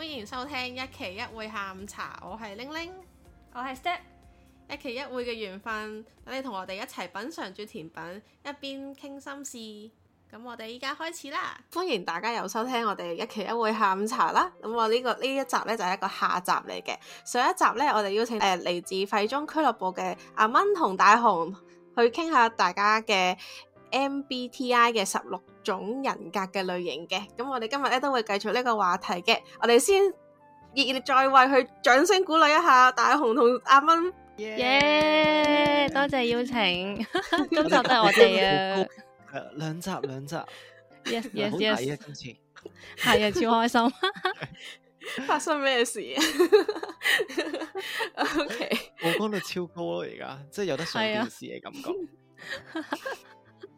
歡迎收聽一期一會下午茶，我係玲玲，我係 Step，一期一會嘅緣分，等你同我哋一齊品嘗住甜品，一邊傾心事。咁我哋依家開始啦，歡迎大家又收聽我哋一期一會下午茶啦。咁我呢、呢個呢一集咧就係、一個下集嚟嘅，上一集呢，我哋邀請誒嚟、呃、自廢中俱樂部嘅阿蚊同大雄去傾下大家嘅 MBTI 嘅十六種人格嘅類型嘅，咁我哋今日咧都會繼續呢個話題嘅。我哋先熱烈再為佢掌聲鼓勵一下，大雄同阿蚊，耶 Yeah！Yeah 多謝邀請， 今集都係我哋嘅！兩 集兩集 ，yes yes yes，係 啊， 超開心， 發生咩事 o Okay k 我講到超高咯，而家即係有得上電視嘅感覺。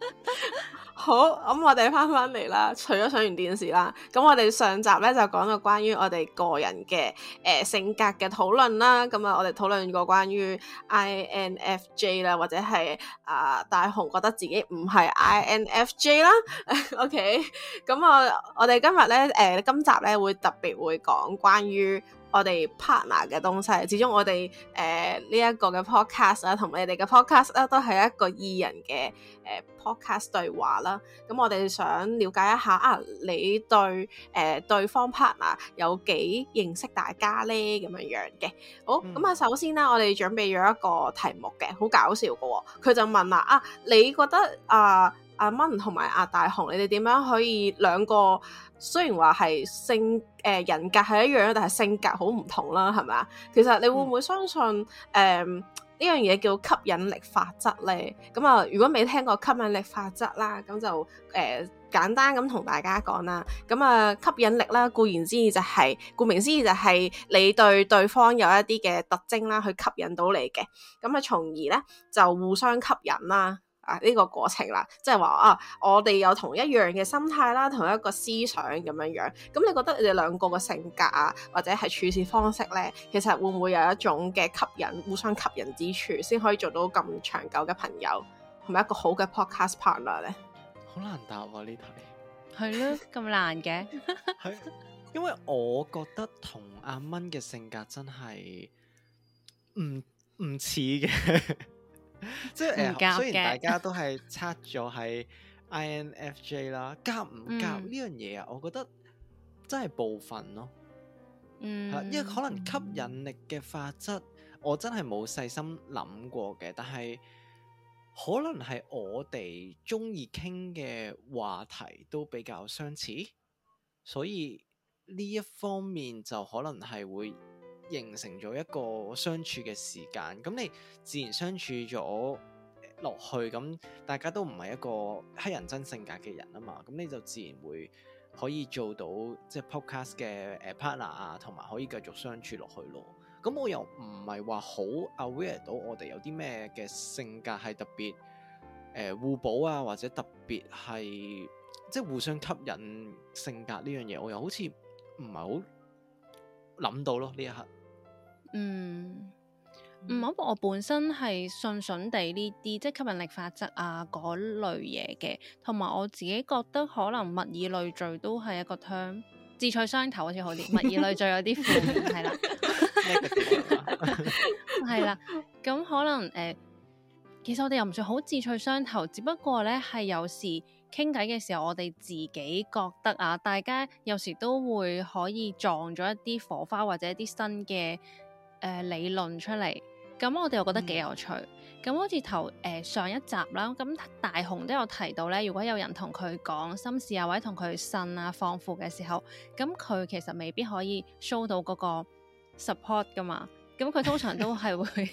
好，咁我哋翻翻嚟啦，除咗上完電視啦，咁我哋上集咧就講到關於我哋個人嘅誒、呃、性格嘅討論啦。咁啊，我哋討論過關於 INFJ 啦，或者係啊大雄覺得自己唔係 INFJ 啦。 OK，咁啊，我哋今日咧誒今集咧會特別會講關於。我哋 partner 嘅東西，始終我哋誒呢一個嘅 podcast 啦，同你哋嘅 podcast 啦，都係一個二人嘅誒、呃、podcast 對話啦。咁我哋想了解一下啊，你對誒、呃、對方 partner 有幾認識大家咧？咁樣樣嘅。好，咁啊，首先咧，我哋準備咗一個題目嘅，好搞笑嘅喎、哦。佢就問啦，啊，你覺得啊，呃阿蚊同埋阿大雄，你哋點樣可以兩個，雖然話係性誒、呃、人格係一樣，但係性格好唔同啦，係咪啊？其實你會唔會相信誒呢、呃、樣嘢叫吸引力法則咧？咁啊，如果未聽過吸引力法則啦，咁就誒、呃、簡單咁同大家講啦。咁啊，吸引力啦，顧然之意就係、是，顧名思義就係你對對方有一啲嘅特徵啦，去吸引到你嘅，咁啊，從而咧就互相吸引啦。啊！呢個過程啦，即係話啊，我哋有同一樣嘅心態啦，同一個思想咁樣樣。咁你覺得你哋兩個嘅性格啊，或者係處事方式呢，其實會唔會有一種嘅吸引，互相吸引之處，先可以做到咁長久嘅朋友，同埋一個好嘅 podcast partner 呢？好難答呢題，係咯，咁難嘅，因為我覺得同阿蚊嘅性格真係唔唔似嘅。 即係誒，呃、夠雖然大家都係測咗係 INFJ 啦，夾唔夾呢樣嘢啊？我覺得真係部分咯，嗯，因為可能吸引力嘅法則，嗯、我真係冇細心諗過嘅，但係可能係我哋中意傾嘅話題都比較相似，所以呢一方面就可能係會。形成咗一個相處嘅時間，咁你自然相處咗落去，咁大家都唔係一個乞人憎性格嘅人啊嘛，咁你就自然會可以做到即係 podcast 嘅誒 partner 啊，同埋可以繼續相處落去咯。咁我又唔係話好 aware 到我哋有啲咩嘅性格係特別誒、呃、互補啊，或者特別係即係互相吸引性格呢樣嘢，我又好似唔係好諗到咯呢一刻。嗯，唔好。我本身係信信地呢啲，即係吸引力法則啊，嗰類嘢嘅。同埋我自己覺得可能物以類聚都係一個 term，志趣相投好似好啲。 物以類聚有啲負面，係啦，係啦。咁可能誒、呃，其實我哋又唔算好志趣相投，只不過咧係有時傾偈嘅時候，我哋自己覺得啊，大家有時都會可以撞咗一啲火花，或者一啲新嘅。誒、呃、理論出嚟，咁我哋又覺得幾有趣。咁、嗯、好似頭誒、呃、上一集啦，咁大雄都有提到咧，如果有人同佢講心事啊，或者同佢呻啊、放負嘅時候，咁佢其實未必可以 show 到嗰個 support 噶嘛。咁佢通常都係會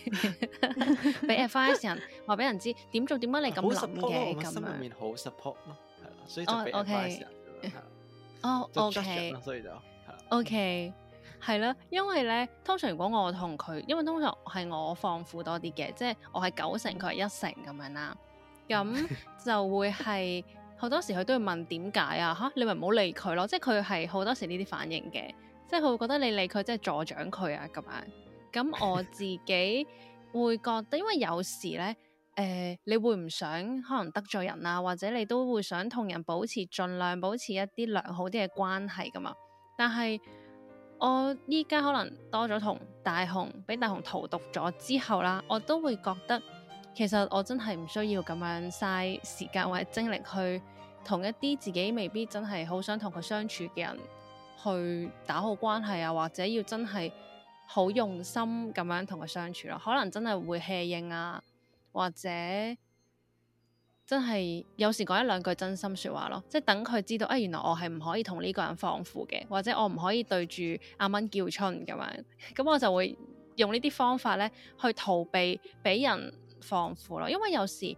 俾 advice 人話俾人知點做，點解你咁諗嘅咁樣。心入面好 support 咯，係啦，所以就俾 advice 哦，oh，OK，oh, okay. 所以就 OK。係啦，因為咧，通常如果我同佢，因為通常係我放負多啲嘅，即係我係九成，佢係一成咁樣啦。咁就會係好多時佢都會問點解啊？嚇，你咪唔好理佢咯，即係佢係好多時呢啲反應嘅，即係佢會覺得你理佢即係助長佢啊咁樣。咁我自己會覺得，因為有時咧，誒、呃，你會唔想可能得罪人啊，或者你都會想同人保持儘量保持一啲良好啲嘅關係㗎嘛，但係。我依家可能多咗同大雄，俾大雄荼毒咗之後啦，我都會覺得其實我真係唔需要咁樣嘥時間或者精力去同一啲自己未必真係好想同佢相處嘅人去打好關係啊，或者要真係好用心咁樣同佢相處咯，可能真係會 hea 應啊，或者。真係有時講一兩句真心說話咯，即係等佢知道，誒、哎，原來我係唔可以同呢個人放負嘅，或者我唔可以對住阿蚊叫春咁樣，咁我就會用呢啲方法咧去逃避俾人放負咯。因為有時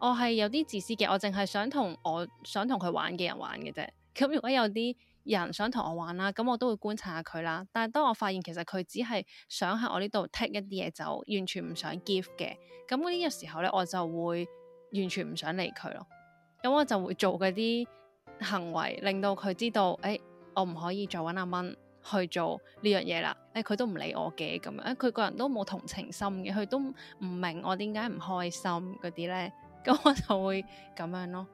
我係有啲自私嘅，我淨係想同我想同佢玩嘅人玩嘅啫。咁如果有啲人想同我玩啦，咁我都會觀察下佢啦。但係當我發現其實佢只係想喺我呢度 take 一啲嘢就完全唔想 give 嘅，咁呢個時候咧，我就會。完全唔想理佢咯，咁我就會做嗰啲行為，令到佢知道，誒、欸，我唔可以再搵阿蚊去做呢樣嘢啦，誒、欸，佢都唔理我嘅，咁樣，佢、欸、個人都冇同情心嘅，佢都唔明我點解唔開心嗰啲咧，咁我就會咁樣咯，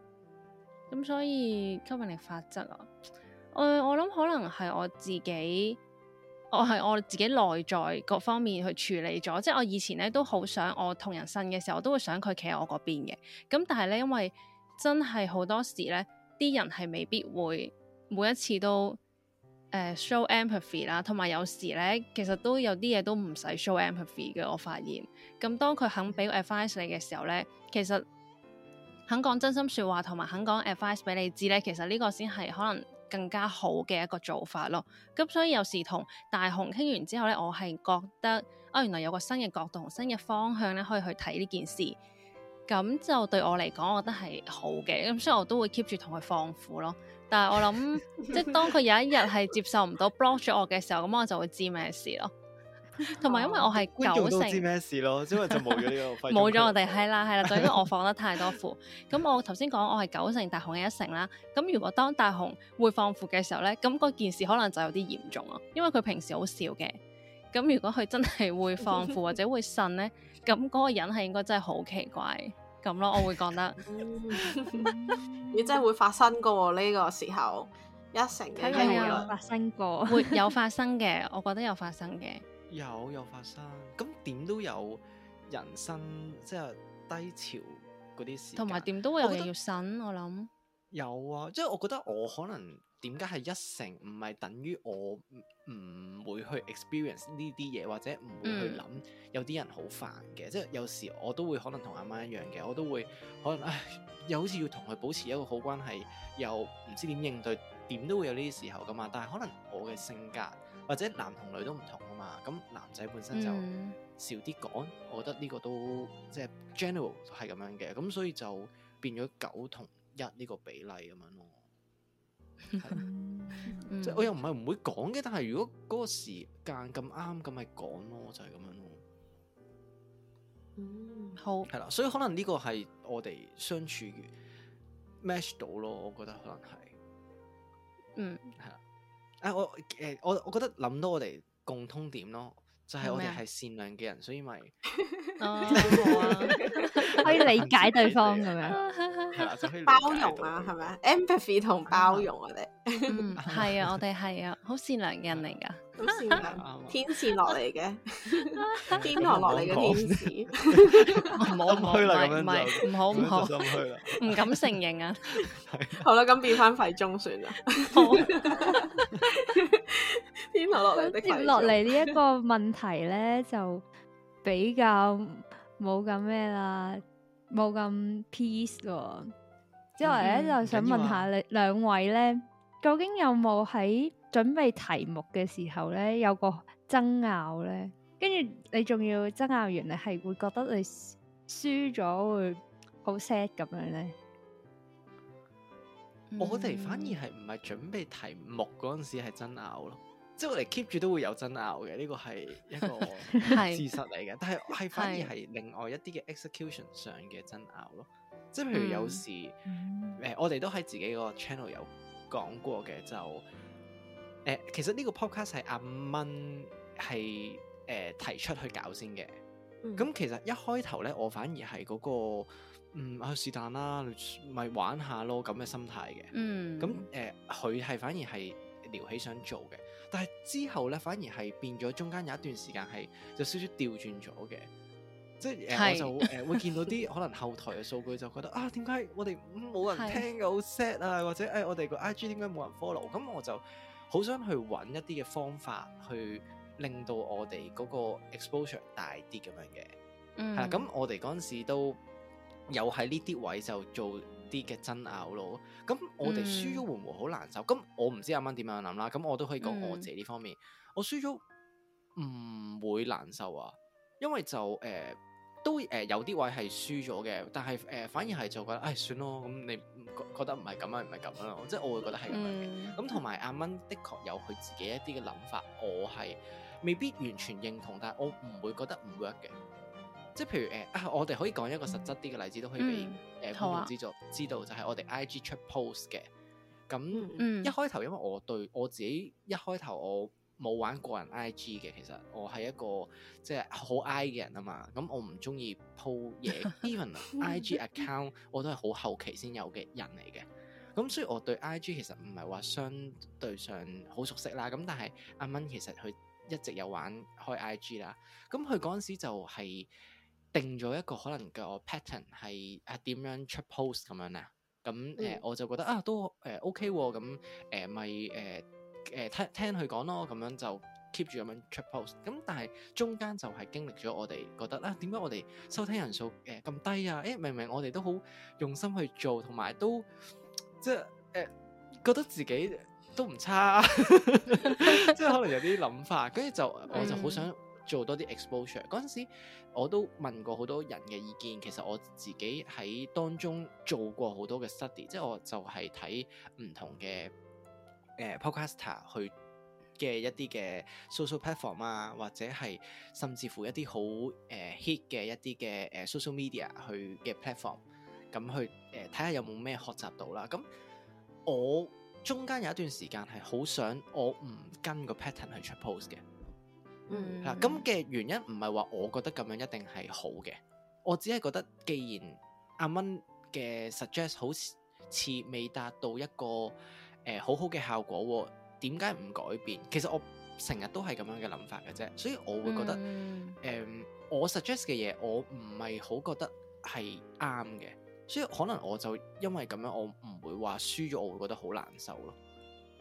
咁所以吸引力法則啊，誒、呃，我諗可能係我自己。我係我自己內在各方面去處理咗，即係我以前咧都好想我同人呻嘅時候，我都會想佢企喺我嗰邊嘅。咁但係咧，因為真係好多時咧，啲人係未必會每一次都誒、呃、show empathy 啦，同埋有，有時咧，其實都有啲嘢都唔使 show empathy 嘅。我發現咁，當佢肯俾個 advice 你嘅時候咧，其實肯講真心説話同埋肯講 advice 俾你知咧，其實呢個先係可能。更加好嘅一個做法咯，咁所以有時同大雄傾完之後咧，我係覺得啊、哦，原來有個新嘅角度同新嘅方向咧，可以去睇呢件事，咁就對我嚟講，我覺得係好嘅，咁所以我都會 keep 住同佢放負咯。但係我諗， 即係當佢有一日係接受唔到 block 咗我嘅時候，咁我就會知咩事咯。同埋、啊，因為 我係九成，唔知咩事咯，所以就冇咗呢個，冇咗我哋係啦，係啦，就 因為我放得太多負。咁、嗯、我頭先講我係九成，大紅一成啦。咁如果當大紅會放負嘅時候咧，咁嗰件事可能就有啲嚴重咯。因為佢平時好少嘅。咁如果佢真係會放負或者會呻咧，咁嗰 個人係應該真係好奇怪咁咯。我會覺得，你真係會發生過呢個時候一成嘅機會發生過，沒、啊、有發生嘅， 我覺得有發生嘅。有有發生，咁點都有人生即係低潮嗰啲事，同埋點都會有人要。我諗有啊，即係我覺得我可能點解係一成唔係等於我唔會去 experience 呢啲嘢，或者唔會去諗有啲人好煩嘅。嗯、即係有時我都會可能同阿媽一樣嘅，我都會可能唉，又好似要同佢保持一個好關係，又唔知點應對，點都會有呢啲時候噶嘛。但係可能我嘅性格或者男同女都唔同。咁、嗯、男仔本身就少啲講，嗯、我覺得呢個都即係 general 係咁樣嘅，咁所以就變咗九同一呢個比例咁樣咯。即係我又唔係唔會講嘅，但係如果嗰個時間咁啱，咁咪講咯，就係、係、咁樣咯。嗯、好係啦、嗯，所以可能呢個係我哋相處 match 到咯，我覺得可能係嗯係啦。啊，我誒，我我，我，我覺得諗到我哋共通點咯，就係我哋係善良嘅人，所以咪可以理解對方咁樣，係啦，包容啊，係咪啊？Empathy 同包容我哋，嗯，係啊，我哋係啊，好善良嘅人嚟㗎，好善良，天使落嚟嘅，天堂落嚟嘅天使，唔好唔好唔好唔好唔敢承認啊！好啦，咁變返廢中算啦。咁接落嚟呢一個問題咧，就比較冇咁咩啦，冇咁 peace 咯。之後咧，就想問下你兩位咧，究竟有冇喺準備題目嘅時候咧，有個爭拗咧？跟住你仲要爭拗完，你係會覺得你輸咗會好 sad 咁樣咧？我哋反而係唔係準備題目嗰陣時係爭拗咯。即係我哋 keep 住都會有爭拗嘅，呢個係一個事實嚟嘅。 是但係係反而係另外一啲嘅 execution 上嘅爭拗咯。即係譬如有時誒、嗯嗯呃、我哋都喺自己個 channel 有講過嘅，就誒、呃、其實呢個 podcast 係阿蚊係誒、呃、提出去搞先嘅。咁、嗯、其實一開頭咧，我反而係嗰、那個嗯啊是但啦，咪玩下咯咁嘅心態嘅。嗯，咁誒佢係反而係撩起想做嘅。但係之後呢，反而係變咗，中間有一段時間係有少少調轉咗嘅，即係、呃、是我就誒、呃、會見到啲可能後台嘅數據，就覺得 啊，點解我哋冇人聽嘅好 sad 啊，或者誒、哎、我哋個 IG 點解冇人 follow？咁我就好想去揾一啲嘅方法去令到我哋嗰個 exposure 大啲咁樣嘅，嗯，係啦，咁我哋嗰陣時都有喺呢啲位就做。啲嘅爭拗咯，咁我哋輸咗會唔會好難受？咁、嗯、我唔知阿蚊點樣諗啦，咁我都可以講我自己呢方面，嗯、我輸咗唔會難受啊，因為就誒、呃、都誒、呃、有啲位係輸咗嘅，但係誒、呃、反而係就覺得唉、哎，算咯，咁你覺得唔係咁啊，唔係咁啊，即係 我會覺得係咁嘅。咁同埋阿蚊的確有佢自己一啲嘅諗法，我係未必完全認同，但係我唔會覺得唔 work 嘅。即係譬如誒啊，我哋可以講一個實質啲嘅例子，嗯、都可以俾誒觀眾知做、啊、知道，就係、是、我哋 I G 出 post 嘅咁。嗯、一開頭因為我對我自己一開頭我冇玩個人 I G 嘅，其實我係一個即係好 I 嘅人啊嘛。咁我唔中意 po 嘢，even I G account 我都係好後期先有嘅人嚟嘅。咁 所以我對 I G 其實唔係話相對上好熟悉啦。咁但係阿蚊其實佢一直有玩開 I G 啦。咁佢嗰陣時就係、是。定咗一個可能嘅 pattern 係啊點樣出 post 咁樣咧、啊？咁、嗯、誒、嗯嗯、我就覺得啊都誒、呃、OK 喎、啊，咁誒咪誒誒聽聽佢講咯，咁樣就 keep 住咁樣出 post、嗯。咁但係中間就係經歷咗我哋覺得咧，點、啊、解我哋收聽人數誒咁、呃、低啊？誒、欸、明明我哋都好用心去做，同埋都即係誒、呃、覺得自己都唔差、啊，即 係可能有啲諗法，跟住就我就好想。做多啲 exposure，嗰陣時我都問過好多人嘅意見，其實我自己喺當中做過好多嘅 study，即係我就係睇唔同嘅誒、呃、podcast、啊、去嘅一啲嘅 social platform 啊，或者係甚至乎一啲好誒 hit 嘅一啲嘅誒 social media 去嘅 platform，咁去誒睇下有冇咩學習到啦。咁我中間有一段時間係好想我唔跟個 pattern 去出 post 嘅。嗱，咁嘅、嗯、原因唔係話我覺得咁樣一定係好嘅，我只係覺得既然阿蚊嘅、e、suggest 好似未達到一個誒、呃、好好嘅效果，點解唔改變？其實我成日都係咁樣嘅諗法嘅啫，所以我會覺得，誒、嗯嗯，我 suggest 嘅嘢我唔係好覺得係啱嘅，所以可能我就因為咁樣，我唔會話輸咗我會覺得好難受咯。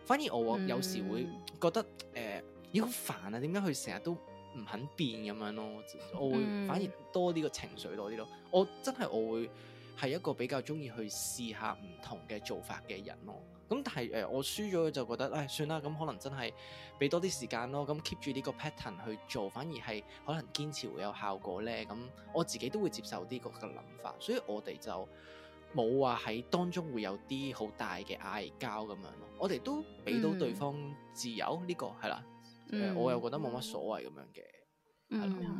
反而我有時會覺得，誒、嗯。呃咦好煩啊！點解佢成日都唔肯變咁樣咯？我會反而多啲個情緒多啲咯。我真係我會係一個比較中意去試下唔同嘅做法嘅人咯。咁但係誒、呃，我輸咗就覺得誒、哎、算啦。咁可能真係俾多啲時間咯。咁 keep 住呢個 pattern 去做，反而係可能堅持會有效果咧。咁我自己都會接受呢個嘅諗法，所以我哋就冇話喺當中會有啲好大嘅嗌交咁樣咯。我哋都俾到對方自由，呢、嗯呢個係啦。誒，我又覺得冇乜所謂咁樣嘅，係咯，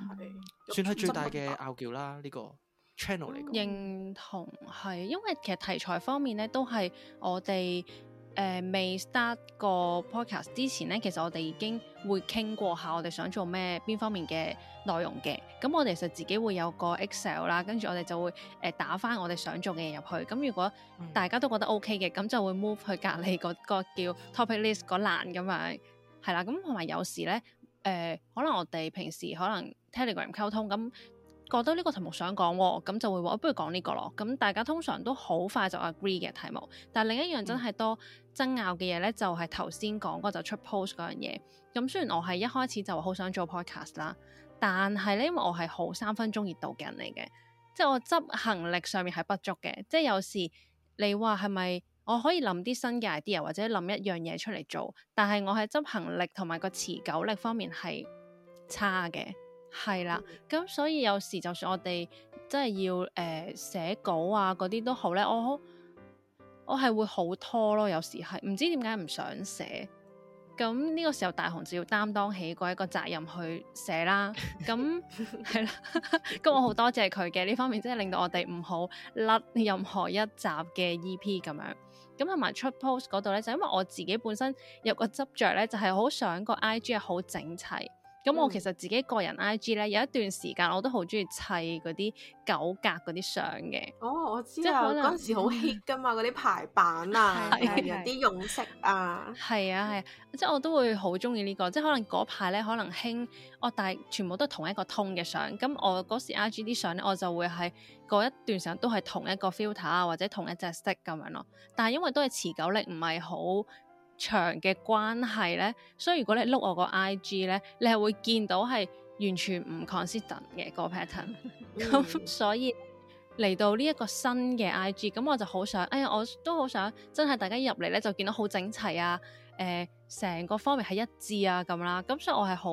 算係最大嘅拗撬啦。呢、這個 channel 嚟講，認同係，因為其實題材方面咧，都係我哋誒未 start 個 podcast 之前咧，其實我哋已經會傾過下我哋想做咩邊方面嘅內容嘅。咁我哋其實自己會有個 excel 啦，跟住我哋就會誒打返我哋想做嘅嘢入去。咁如果大家都覺得 OK 嘅，咁、嗯、就會 move 去隔籬嗰個叫 topic list 嗰欄咁樣。係啦，咁同埋有時咧，誒、呃、可能我哋平時可能 Telegram 溝通，咁覺得呢個題目想講喎，咁就會話不如講呢個咯。咁大家通常都好快就 agree 嘅題目，但係另一樣真係多爭拗嘅嘢咧，就係頭先講嗰就出 post 嗰樣嘢。咁雖然我係一開始就好想做 podcast 啦，但係咧，因為我係好三分鐘熱度嘅人嚟嘅，即係我執行力上面係不足嘅，即係有時你話係咪？我可以諗啲新嘅 idea 或者諗一樣嘢出嚟做，但係我喺執行力同埋個持久力方面係差嘅，係啦。咁所以有時就算我哋真係要誒寫、呃、稿啊嗰啲都好咧，我我係會好拖咯，有時係唔知點解唔想寫。咁呢個時候大雄就要擔當起嗰一個責任去寫啦，咁係啦，咁 我好多謝佢嘅呢方面，真係令到我哋唔好甩任何一集嘅 E.P. 咁樣，咁同埋出 post 嗰度咧，就係、因為我自己本身有個執着咧，就係、係、好想個 I.G. 係好整齊。咁我、嗯、其實自己個人 I G 咧，有一段時間我都好中意砌嗰啲九格嗰啲相嘅。哦，我知啊，嗰陣 時好 hit 噶嘛，嗰啲、嗯、排版啊，有啲用色啊。係啊係，即係我都會好中意呢個，即係可能嗰排咧可能興哦，但係全部都係同一個通嘅相。咁我嗰時 I G 啲相咧，我就會係嗰一段時間都係同一個 filter 啊，或者同一隻色咁樣咯。但係因為都係持久力唔係好長嘅關係咧，所以如果你碌我個 I G 咧，你係會見到係完全唔 consistent 嘅、嗰個 pattern。咁、mm. 所以嚟到呢一個新嘅 I G，咁我就好想，哎呀，我都好想真係大家入嚟咧就見到好整齊啊，誒、呃，成個方面係一致啊咁啦。咁所以我係好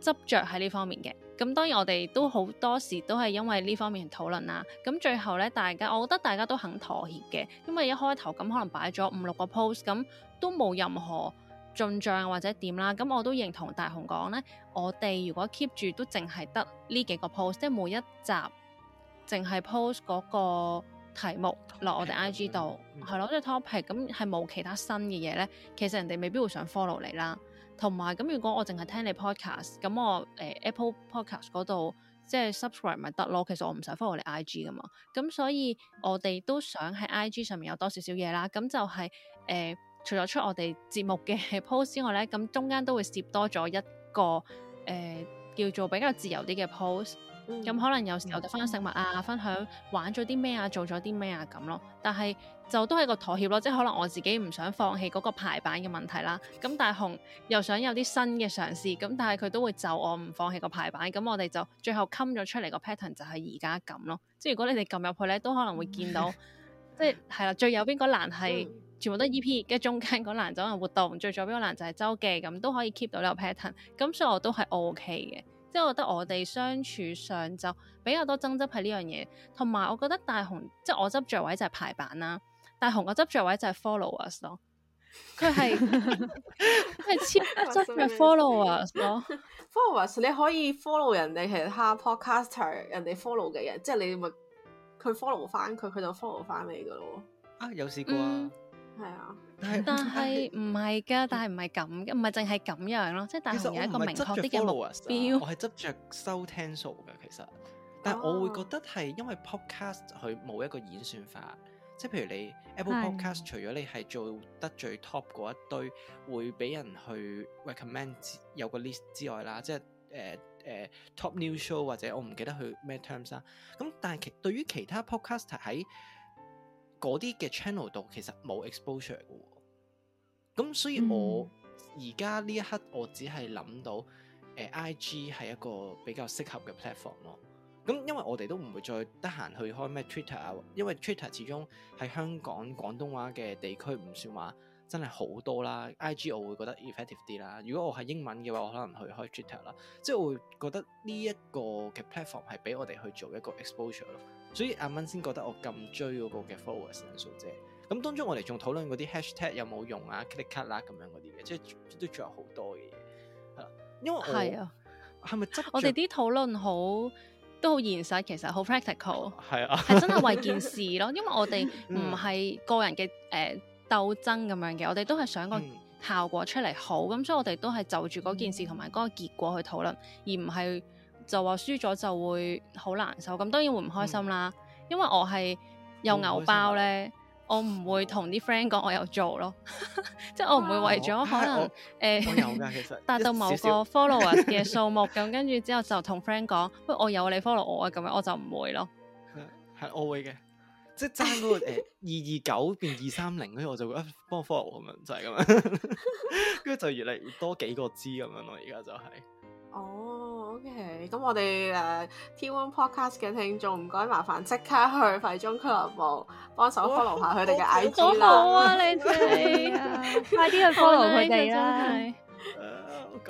執着喺呢方面嘅。咁當然我哋都好多時都係因為呢方面討論啦、啊。咁最後咧，大家我覺得大家都肯妥協嘅，因為一開頭咁可能擺咗五六個 post 咁。都冇任何進帳或者點啦。咁我都認同大雄講咧，我哋如果 keep 住都淨係得呢幾個 post，即係每一集淨係 post 嗰個題目落我哋 IG 度係咯，即係 topic 咁係冇其他新嘅嘢咧。其實人哋未必會想 follow 你啦。同埋咁，如果我淨係聽你 podcast，咁我誒、呃、Apple Podcast 嗰度即係 subscribe 咪得咯。其實我唔使 follow 你 IG 噶嘛。咁所以我哋都想喺 IG 上面有多少少嘢啦。咁就係、是、誒。呃除咗出我哋節目嘅 post 之外咧，咁中間都會攝多咗一個誒、呃、叫做比較自由啲嘅 post。咁、嗯嗯、可能有時候就分享食物啊，分享玩咗啲咩啊，做咗啲咩啊咁咯。但係就都係個妥協咯，即係可能我自己唔想放棄嗰個排版嘅問題啦。咁大雄又想有啲新嘅嘗試，咁但係佢都會就我唔放棄個排版。咁我哋就最後冚咗出嚟個 pattern 就係而家咁咯。即係如果你哋撳入去咧，都可能會見到，嗯嗯、即係係啦，最右邊個欄係、嗯。嗯嗯全部都 E.P. 跟中間嗰欄走人活動，最左邊嗰欄就係周記咁都可以 keep 到呢個 pattern。咁所以我都係 O.K. 嘅，即係我覺得我哋相處上就比較多爭執喺呢樣嘢。同埋我覺得大雄，即係我執着位就係排版啦，大雄個執着位就係 followers 咯。佢係佢係黐執咪 followers 咯。Followers 你可以 follow 人哋其他 podcaster，人哋 follow 嘅人，即係你咪佢 follow 翻佢，佢就 follow 翻你噶咯。啊，有試過啊！係啊，但係唔係噶，但係唔係咁嘅，唔係淨係咁樣咯，即係但係有一個明確啲嘅目標，啊。我係執着收聽數嘅，其實，但係我會覺得係因為 podcast 佢冇一個演算法，即係譬如你、哦、Apple Podcast 的除咗你係做得最 top 嗰一堆，會俾人去 recommend 有個 list 之外啦，即係誒誒 top new show 或者我唔記得佢咩 terms 啦，咁但係其實對於其他 podcast 喺嗰啲嘅 channel 度其實冇 exposure 嘅喎，咁所以我而家呢一刻我只係諗到，誒、呃、IG 係一個比較適合嘅 platform 咯。咁因為我哋都唔會再得閒去開咩 Twitter 啊，因為 Twitter 始終喺香港廣東話嘅地區唔算話真係好多啦。IG 我會覺得 effective 啲啦。如果我係英文嘅話，我可能去開 Twitter 啦。即係我會覺得呢一個嘅 platform 係俾我哋去做一個 exposure 咯。所以阿蚊先覺得我咁追嗰個嘅 followers 數啫。咁當中我哋仲討論嗰啲 hashtag 有冇用啊，click cut 啦咁樣嗰啲嘅，即係都仲有好多嘅嘢。嚇，因為係啊，係咪真？我哋啲討論好都好現實，其實好 practical。係啊，係、啊、 真係為件事咯。因為我哋唔係個人嘅誒、呃、鬥爭咁樣嘅，我哋都係想個效果出嚟好。咁、嗯、所以我哋都係就住嗰件事同埋嗰個結果去討論，嗯、而唔係。就話輸咗就會好難受，咁當然會唔開心啦。嗯、因為我係有偶包咧，啊、我唔會同啲 friend 講我有做咯， 即係我唔會為咗、啊、可能、啊、我、欸、有㗎、其實 達到某個 follower 嘅數目咁，跟住之後就同 friend 講，喂、 哎，我有你 follow 我啊，咁樣我就唔會咯。係我會嘅，即係爭嗰個誒二二九變二三零嗰啲，我就會一幫 follow 咁樣就係、是、咁樣，跟 住就越嚟越多幾個支咁樣咯。而家就係。哦，OK，咁我哋誒 Tea Room Podcast 嘅聽眾唔該麻煩即刻去廢中俱樂部幫手 follow 下佢哋嘅 I G 啦，好唔好啊？你哋快啲去 follow 佢哋啦！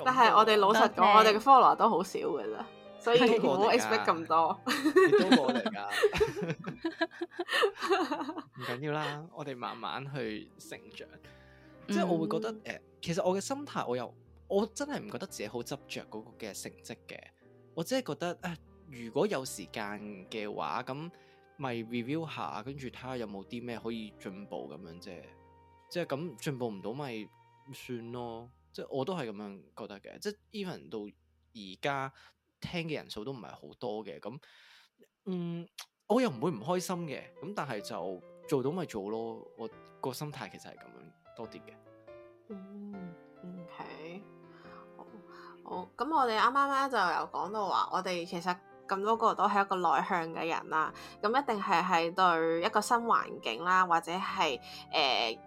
但係我哋老實講，我哋嘅 follower 都好少噶啦，所以唔好 expect 咁多。都冇，嚟噶，唔緊要啦，我哋慢慢去成長。即係我會覺得誒，其實我嘅心態我又。我真係唔覺得自己好執着嗰個嘅成績嘅，我只係覺得，誒、呃，如果有時間嘅話，咁咪 review 下，跟住睇下有冇啲咩可以進步咁樣啫，即係咁進步唔到咪算咯，即係我都係咁樣覺得嘅，即係 even 到而家聽嘅人數都唔係好多嘅，咁，嗯，我又唔會唔開心嘅，咁但係就做到咪做咯，我、個心態其實係咁樣多啲嘅。咁我哋啱啱咧就有講到話，我哋其實咁多個都係一個內向嘅人啦。咁一定係係對一個新環境啦，或者係誒、呃、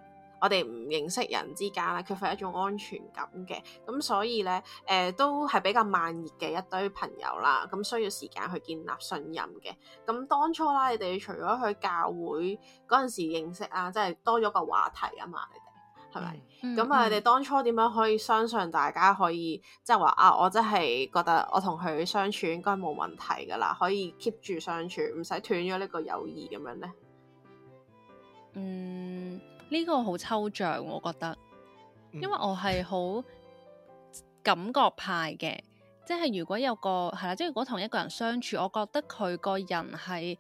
我哋唔認識人之間啦，缺乏一種安全感嘅。咁所以咧誒、呃，都係比較慢熱嘅一堆朋友啦。咁需要時間去建立信任嘅。咁當初啦，你哋除咗去教會嗰陣時認識啊，即係多咗個話題啊嘛。係咪？咁啊，你哋，嗯、當初點樣可以相信大家可以，即係話啊，我真係覺得我同佢相處應該冇問題噶啦，可以 keep 住相處，唔使斷咗呢個友誼咁樣咧？嗯，呢、呢個好抽象，我覺得，因為我係好感覺派嘅，嗯、即係如果有個係啦，即係如果同一個人相處，我覺得佢個人係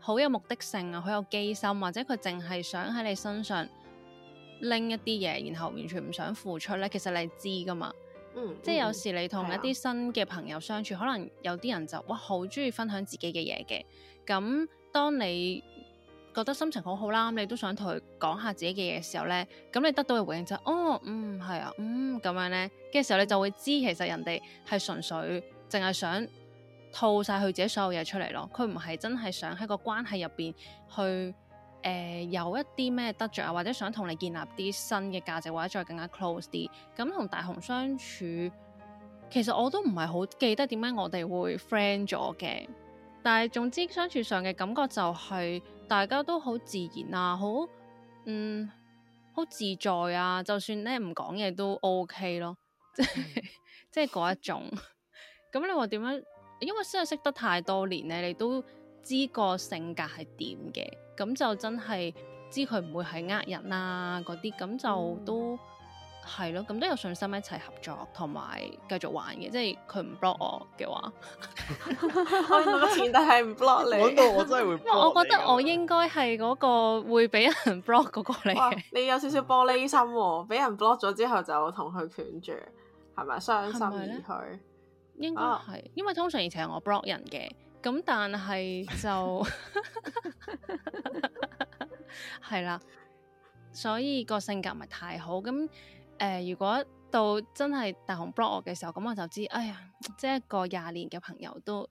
好有目的性啊，好有機心，或者佢淨係想喺你身上。拎一啲嘢，然後完全唔想付出咧，其實你知噶嘛，嗯？嗯，即係有時你同一啲新嘅朋友相處，啊、可能有啲人就哇，好中意分享自己嘅嘢嘅。咁當你覺得心情好好啦，你都想同佢講下自己嘅嘢嘅時候咧，咁你得到嘅回應就係、哦，嗯係啊，嗯咁樣咧嘅時候，你就會知其實人哋係純粹淨係想套晒佢自己所有嘢出嚟咯。佢唔係真係想喺個關係入邊去。誒、呃，有一啲咩得着，啊，或者想同你建立啲新嘅價值，或者再更加 close 啲。咁同大雄相處，其實我都唔係好記得點解我哋會 friend 咗嘅。但係總之相處上嘅感覺就係大家都好自然啊，好嗯，好自在啊。就算咧唔講嘢都 OK 咯，即係即係嗰一種。咁你話點樣？因為真係識得太多年咧，你都。知個性格係點嘅，咁就真係知佢唔會係呃人啊嗰啲，咁就都係咯，咁、嗯、都有信心一齊合作同埋繼續玩嘅，即係佢唔 block 我嘅話，我 前提係唔 block 你，講到我真係會，我覺得我應該係嗰個會俾人 block 嗰個嚟嘅，你有少少玻璃心、啊，俾 人 block 咗之後就同佢斷絕，係咪啊？傷心而去，應該係，啊、因為通常而且係我 block 人嘅。咁但係就係啦， 所以個性格唔係太好。咁誒、呃，如果到真係大雄 block 我嘅時候，咁我就知，哎呀，即係個廿年嘅朋友都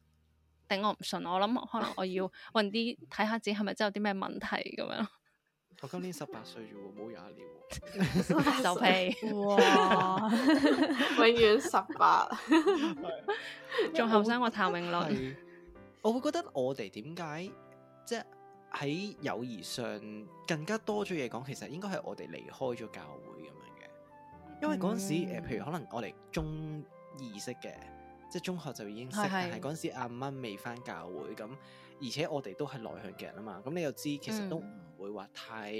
頂我唔順。我諗可能我要揾啲睇下自己係咪真有啲咩問題咁樣。我今年十八歲啫，冇廿年喎。就 皮 手屁， 永遠十八，仲後生過譚詠麟。 我會覺得我哋點解即係喺友誼上更加多咗嘢講，其實應該係我哋離開咗教會咁樣嘅，因為嗰陣時誒，嗯、譬如可能我哋中二識嘅，即係中學就已經識，是是但係嗰陣時阿媽未返教會咁，而且我哋都係內向嘅人啊嘛，咁你又知其實都唔會話太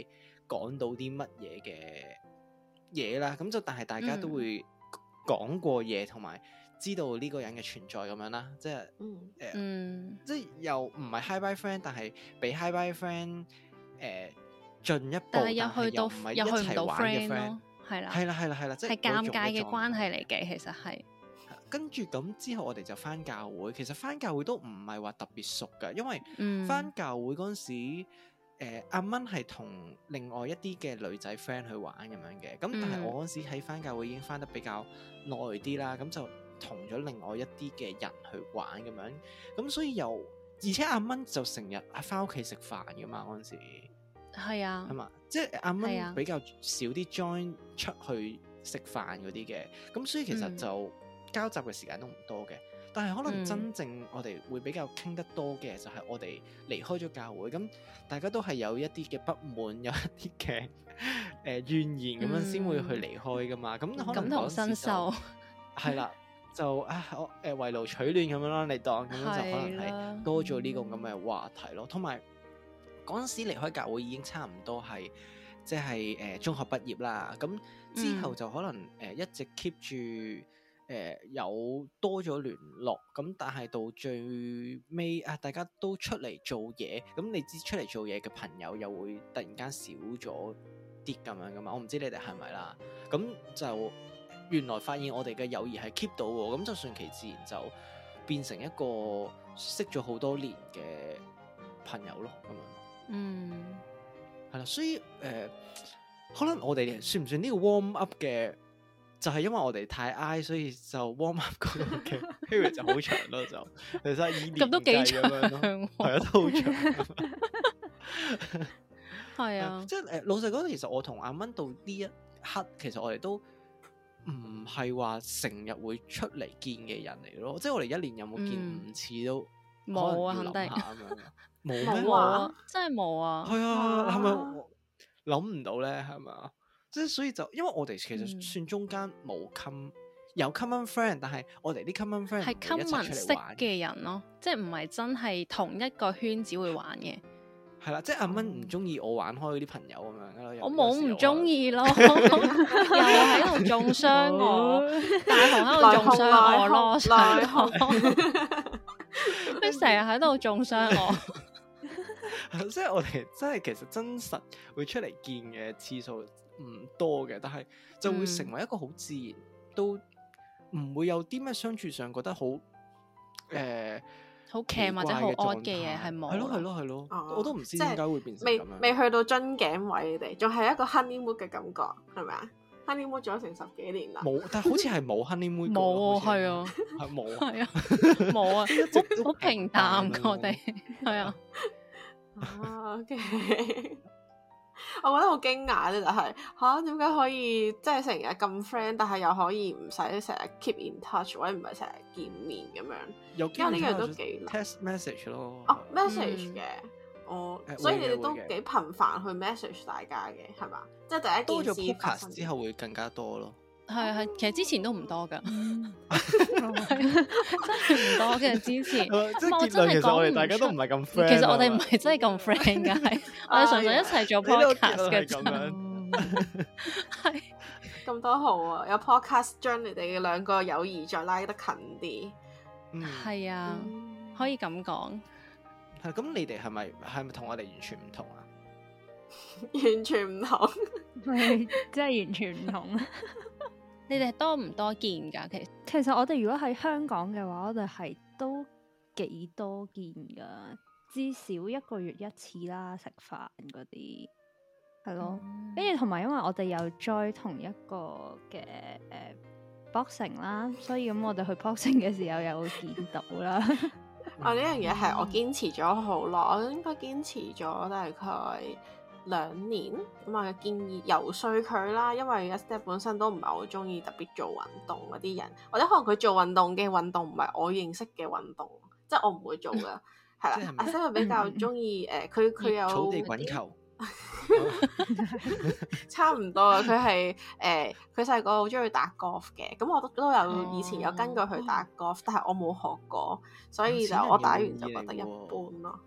講到啲乜嘢嘅嘢啦，咁就、嗯、但係大家都會講過嘢同埋。知道呢個人嘅存在咁樣啦，即係誒，呃嗯、即係又唔係 high by friend，但係比 high by friend 誒、呃、進一步，但係又去到又，去到一齊玩嘅 friend 咯，係啦，係啦，係啦，係啦，係對尷尬嘅關係嚟嘅，其實係。跟住咁、嗯、之後，我哋就翻教會。其實翻教會都唔係話特別熟噶，因為翻教會嗰陣時、呃，阿蚊係同另外一啲嘅女仔 friend 去玩咁樣嘅。咁但係我嗰陣時喺翻教會已經翻得比較耐啲啦，咁就。同咗另外一啲嘅人去玩咁樣，咁所以又，而且阿蚊就成日喺翻屋企食飯噶嘛嗰陣時，係啊，係咪？即係阿蚊比較少啲 join 出去食飯嗰啲嘅，咁所以其實就交集嘅時間都唔多嘅。嗯、但係可能真正我哋會比較傾得多嘅，就係我哋離開咗教會，咁大家都係有一啲嘅不滿，有一啲嘅誒怨言，咁樣先會去離開噶嘛。咁、嗯、可能感同身受，係啦。了 就啊，我誒、呃、圍爐取暖咁樣啦，你當咁樣、啊、就可能係多咗呢個咁嘅話題咯。同埋嗰陣時離開教會已經差唔多係即係誒、呃、中學畢業啦。咁之後就可能誒、呃、一直 keep 住誒有多咗聯絡，咁但係到最尾啊，大家都出嚟做嘢，咁你知出嚟做嘢嘅朋友又會突然間少咗啲咁樣㗎嘛？我唔知你哋係咪啦。咁就。原來發現我哋嘅友誼係 keep 到喎，咁就順其自然就變成一個識咗好多年嘅朋友咯，咁啊，嗯，係啦， 所以誒、呃，可能我哋算唔算呢個 warm up 嘅？就係、是、因為我哋太 I，所以就 warm up 嗰段嘅 period 就好長咯，就其實二年咁都幾長咯，係啊，都好 長， 係 啊，即係誒老實講，其實我同阿蚊到呢一刻，其實我哋都～唔係話成日會出嚟見嘅人嚟咯，即係我哋一年有冇見五次都冇、嗯、啊，肯定係咁樣冇 啊，真係冇啊，係啊，係咪諗唔到咧？係咪啊？即係所以就因為我哋其實算中間冇 come 有 common friend，但係我哋啲 common friend 係 common 識嘅人咯，即係唔係真係同一個圈子會玩嘅。係啦，嗯、即係阿蚊唔中意我玩開啲朋友咁樣嘅咯。我冇唔中意咯，又喺度中傷我，大雄喺度中傷我咯，成日喺度中傷我。真係即係我哋，即係其實真實會出嚟見嘅次數唔多嘅，但係就會成為一個好自然，嗯、都唔會有啲咩相處上覺得好誒。呃好劇或者好惡嘅嘢係冇，係咯係咯係咯，我都唔知點解會變成咁樣。未未去到樽頸位，你哋仲係一個 honey moon 嘅感覺，係咪啊？honey moon 咗成十幾年啦，冇，但係好似係冇 honey moon，冇啊，係啊，係冇，係啊，冇啊，好平淡，我哋係啊，OK。我覺得好驚訝咧，就係吓點解可以即係成日咁 friend，但係又可以唔使成日 keep in touch，或者唔係成日見面咁樣，有經因為呢樣都幾 test message 咯。哦，message、嗯、嘅我，的所以你哋都幾頻繁去 message 大家嘅係嘛？即係第一件事，多咗 focus 之後會更加多咯。係係，其實之前都唔多噶，真係唔多嘅。之前，我真係其實我哋大家都唔係咁 friend，其實我哋唔係真係咁 friend 嘅，係我哋常常一齊做 podcast 嘅。咁樣係咁多好啊！有 podcast 將你哋嘅兩個友誼再拉得近啲。嗯，係啊，可以咁講。係咁，你哋係咪係咪同我哋完全唔同啊？完全唔同，係真係完全唔同。你哋多唔多見噶？其實其實我哋如果喺香港嘅話，我哋係都幾多見噶，至少一個月一次啦，食飯嗰啲係咯。跟住，同埋，因為我哋有在同一個嘅誒 boxing 啦，所以咁我哋去 boxing 嘅時候又會見到啦。啊，呢樣嘢係我堅持咗好耐，我應該堅持咗大概。兩年咁啊，我建議游説佢啦，因為阿 Step 本身都唔係好中意特別做運動嗰啲人，或者可能佢做運動嘅運動唔係我認識嘅運動，即係我唔會做噶，係啦 的。阿 Step 比較中意誒，佢佢有草地滾球， 差唔多。佢係誒，佢細個好中意打 golf 嘅，咁我都都有以前有跟過佢打 golf，但係我冇學過，所以就、啊、我打完就覺得一般咯。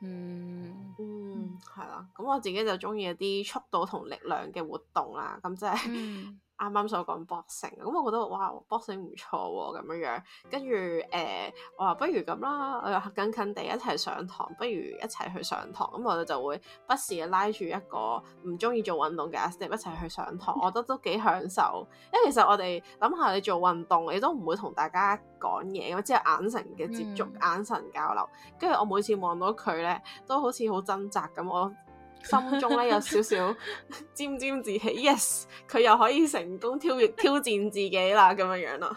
嗯嗯，係啦、嗯，咁我自己就鍾意一啲速度同力量嘅活動啦，咁即係。啱啱所講 boxing，咁、嗯、我覺得哇 boxing 唔錯喎，咁、啊、樣樣跟住誒，我話不如咁啦，我又近近地一齊上堂，不如一齊去上堂，咁、嗯、我哋就會不時拉住一個唔中意做運動嘅阿 Step 一齊去上堂，我覺得都幾享受，因為其實我哋諗下你做運動，你都唔會同大家講嘢，咁只係眼神嘅接觸、嗯、眼神交流，跟住我每次望到佢咧，都好似好掙扎咁我。 心中咧有少少沾沾 自喜，yes，佢又可以成功挑挑戰自己啦，咁樣樣咯。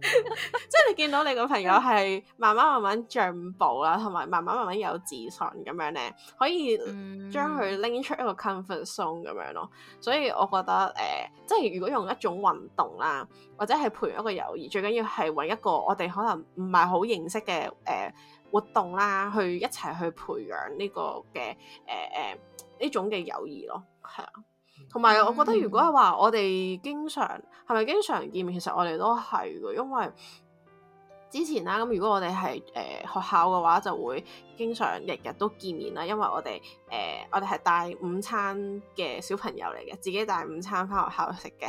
即 係 你見到你個朋友係慢慢慢慢進步啦，同埋慢慢慢慢有自信咁樣咧，可以將佢拎出一個 comfort zone 咁樣咯。所以我覺得誒、呃，即係如果用一種運動啦，或者係培養一個友誼，最緊要係揾一個我哋可能唔係好認識嘅誒。呃活動啦、啊，去一齊去培養呢個嘅誒誒呢種嘅友誼咯，係啊。同埋我覺得，如果係話我哋經常係咪、嗯、經常見面，其實我哋都係嘅，因為之前啦、啊，咁如果我哋係誒學校嘅話，就會經常日日都見面啦。因為我哋誒、呃、我哋係帶午餐嘅小朋友嚟嘅，自己帶午餐翻學校食嘅，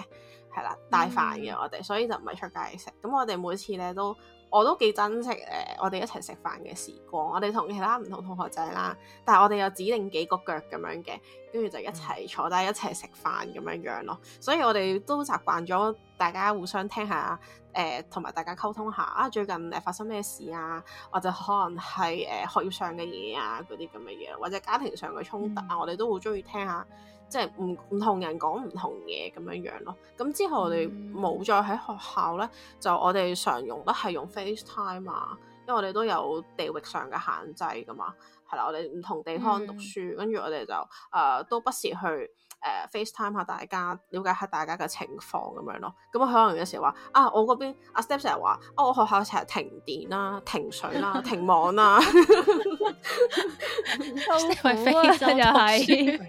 係啦、啊，帶飯嘅我哋，嗯、所以就唔係出街食。咁我哋每次咧都。我都幾珍惜誒、呃，我哋一齊食飯嘅時光。我哋同其他唔同同學仔啦，但係我哋有指定幾個腳咁樣嘅，跟住就一齊坐低一齊食飯咁樣樣咯。所以我哋都習慣咗大家互相聽下誒，同、呃、埋大家溝通下啊，最近誒發生咩事啊，或者可能係誒、呃、學業上嘅嘢啊嗰啲咁嘅嘢，或者家庭上嘅衝突啊，嗯、我哋都會中意聽下。即係唔唔同人講唔同嘢咁樣樣咯，咁之後我哋冇再喺學校咧，就我哋常用都係用 FaceTime 啊，因為我哋都有地域上嘅限制噶嘛，係啦，我哋唔同地方讀書，跟住我哋就誒都不時去誒 FaceTime 下大家，了解下大家嘅情況咁樣咯。咁啊可能有時話啊，我嗰邊阿 Steps 成日話啊，我學校成日停電啦、停水啦、停網啦，辛苦啊，就係。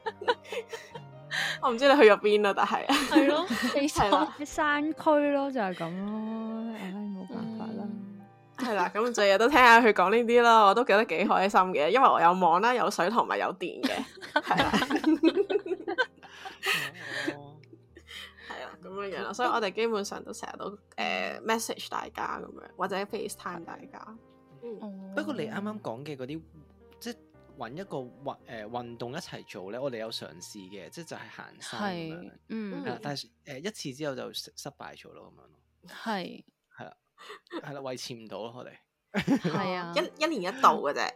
我唔知你去咗邊咯，但係係咯，係了 了山區咯，就係、是、咁咯，唉、 哎，冇辦法啦。係啦， 咁成日都聽下佢講呢啲咯，我都覺得幾開心嘅，因為我有網啦，有水同埋有電嘅，係啦，係啦，咁樣樣，所以我哋基本上都成日都誒、呃、message 大家咁樣，或者 FaceTime 大家。不過你啱啱講嘅嗰啲。Oh. 揾一個運誒運動一齊做咧，我哋有嘗試嘅，即係就係行山咁樣。嗯。但係誒一次之後就失敗咗咯，咁樣咯。係。係啊。係啦，維持唔到咯，我哋。係啊，一一年一度嘅啫，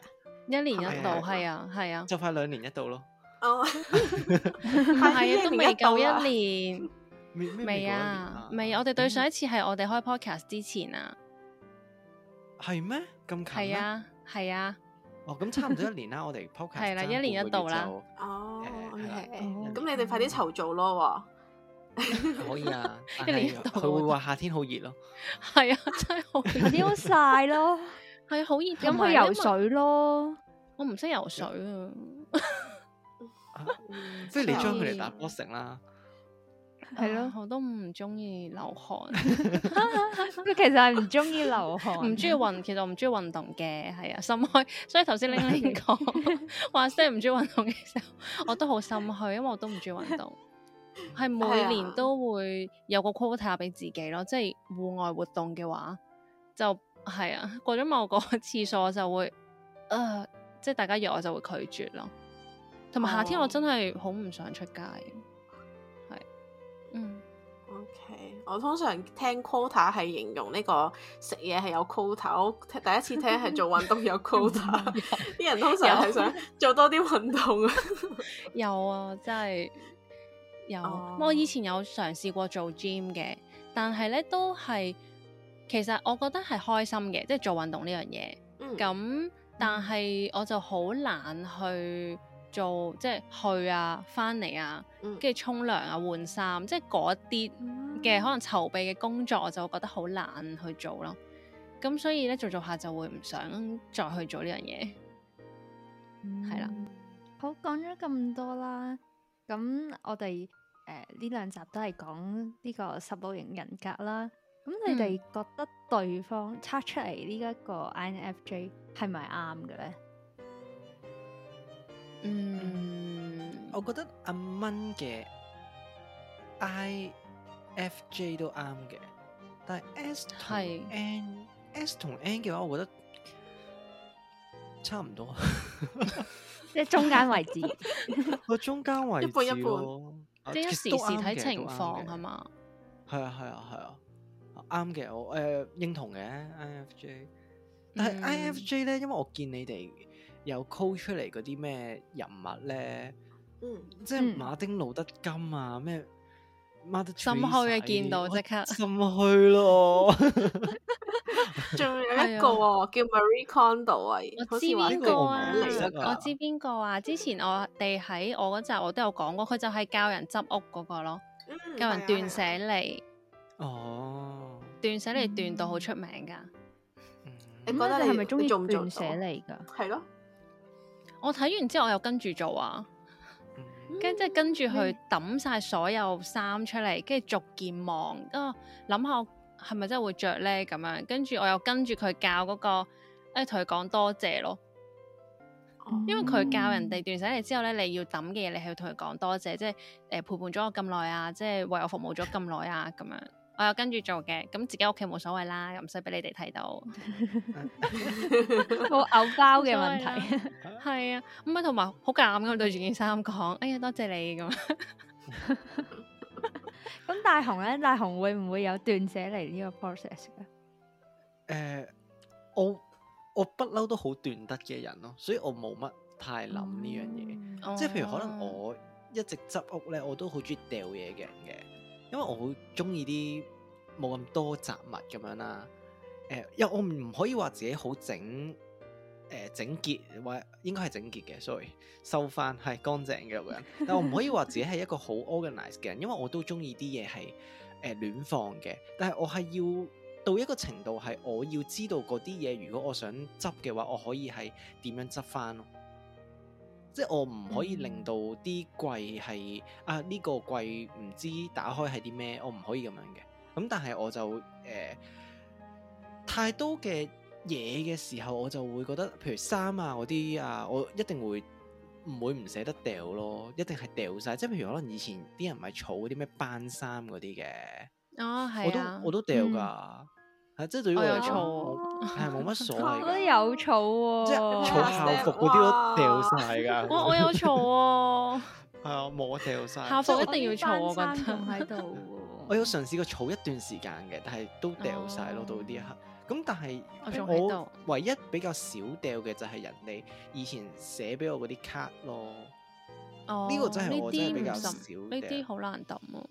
一年一度，係啊，係啊。就快兩年一度咯。哦。係啊，都未夠一年。未啊？未？我哋對上一次係我哋開 podcast 之前啊。係咩？咁近咩？係啊！係啊！哦，咁差唔多一年啦，我哋 po 係啦，一年一度啦。哦，咁你哋快啲籌組咯。可以啊，一年一度佢會話夏天好熱咯。係啊，真係夏天好曬咯，係好熱，咁去游水咯。我唔識游水啊，即係你將佢哋打波成啦。係咯，啊、我都唔中意流汗。 其實係唔中意流汗，唔中意運。其實我唔中意運動嘅，係啊，心虛。所以頭先玲玲講話，即係唔中意運動嘅時候，我都好心虛，因為我都唔中意運動。係每年都會有個 quota 俾自己咯，即係戶外活動嘅話，就係啊，過咗某個次數，就會，啊、呃，即、就、係、是、大家約我就會拒絕咯。同埋夏天我真係好唔想出街。O、okay, K，我通常聽 quota 係形容呢、這個食嘢係有 quota，我第一次聽係做運動有 quota，啲 人通常係想做多啲運動啊， 有啊，真係有。哦、我以前有嘗試過做 gym 嘅，但係咧都係，其實我覺得係開心嘅，即、就、係、是、做運動呢樣嘢。嗯，咁但係我就好難去。做即係去啊，翻嚟啊，跟住沖涼啊，換衫，即係嗰啲嘅可能籌備嘅工作，我就覺得好難去做咯。咁所以咧做做下就會唔想再去做呢樣嘢，係、嗯、啦。好，講咗咁多啦，咁我哋誒呢兩集都係講呢個十六型人格啦。咁你哋覺得對方測出嚟呢一個 INFJ 係咪啱嘅咧？嗯，我覺得阿蚊嘅 I F J 都啱嘅，但係 S 同 N，S 同 N 嘅是話，我覺得差唔多即，即係 中間位置，個中間位一半一半咯，即係 一時時睇情況係嘛？係啊係啊係啊，啱嘅我誒認同嘅 I F J，但係、嗯、I F J 咧，因為我見你哋。又 call 出嚟嗰啲咩人物咧？嗯，即係馬丁路德金啊，咩？抹得深黑嘅見到即刻深黑咯。仲有一個啊，叫 Marie Kondo 啊，我知邊個啊！我知邊個啊？之前我哋喺我嗰集我都有講過，佢就係教人執屋嗰個咯，教人斷捨離。哦，斷捨離斷到好出名噶。你覺得你係咪中意做唔做捨離噶？係咯。我睇完之後，我又跟住做啊，跟即係跟住去揼晒所有衫出嚟，跟住逐件望，啊，諗下我係咪真會着咧咁樣，跟住我又跟住佢教嗰個，誒，同佢講多謝咯，因為佢教人哋斷捨離之後咧，你要揼嘅嘢，你係要同佢講多謝，即係誒、呃、陪伴咗我咁耐啊，即係為我服務咗咁耐啊咁樣，我又跟住做嘅，咁自己屋企冇所謂啦，又唔使俾你哋睇到，冇拗交嘅問題、啊。係啊，咁啊，同埋好夾硬咁對住件衫講，哎呀，多謝你咁。咁 大雄咧，大雄會唔會有斷捨離呢個 process 咧？誒，我我不嬲都好斷得嘅人咯，所以我冇乜太諗呢樣嘢。即係譬如可能我一直執屋咧，我都好中意掉嘢嘅人嘅，因為我好中意啲冇咁多雜物咁樣啦。誒、呃，又我唔可以話自己好整。誒、呃，整潔或應該係整潔嘅，sorry，收翻係乾淨嘅咁樣，但我唔可以話自己係一個好 organize 嘅人，因為我都中意啲嘢係誒亂放嘅，但係我係要到一個程度係我要知道嗰啲嘢，如果我想執嘅話，我可以係點樣執翻咯，即係我唔可以令到啲櫃係啊呢、這個櫃唔知打開係啲咩，我唔可以咁樣嘅，咁、嗯、但係我就誒、呃、太多嘅。嘢嘅時候，我就會覺得，譬如衫啊，嗰啲啊，我一定會唔會唔捨得掉咯，一定係掉晒。即係譬如可能以前啲人唔係儲嗰啲咩班衫嗰啲嘅，哦，係，我都我都掉㗎，啊，即係對於我嚟講係冇乜所謂。我都有儲喎，即係儲校服嗰啲都掉晒㗎。我我有儲喎，係啊，冇掉晒校服一定要儲，我冇喺度。我有嘗試過儲一段時間嘅，但係都掉晒咯，到啲黑。咁但係我唯一比較少掉嘅就係人哋以前寫俾我嗰啲卡咯，呢個真係我真係比較少掉，呢啲好難抌啊！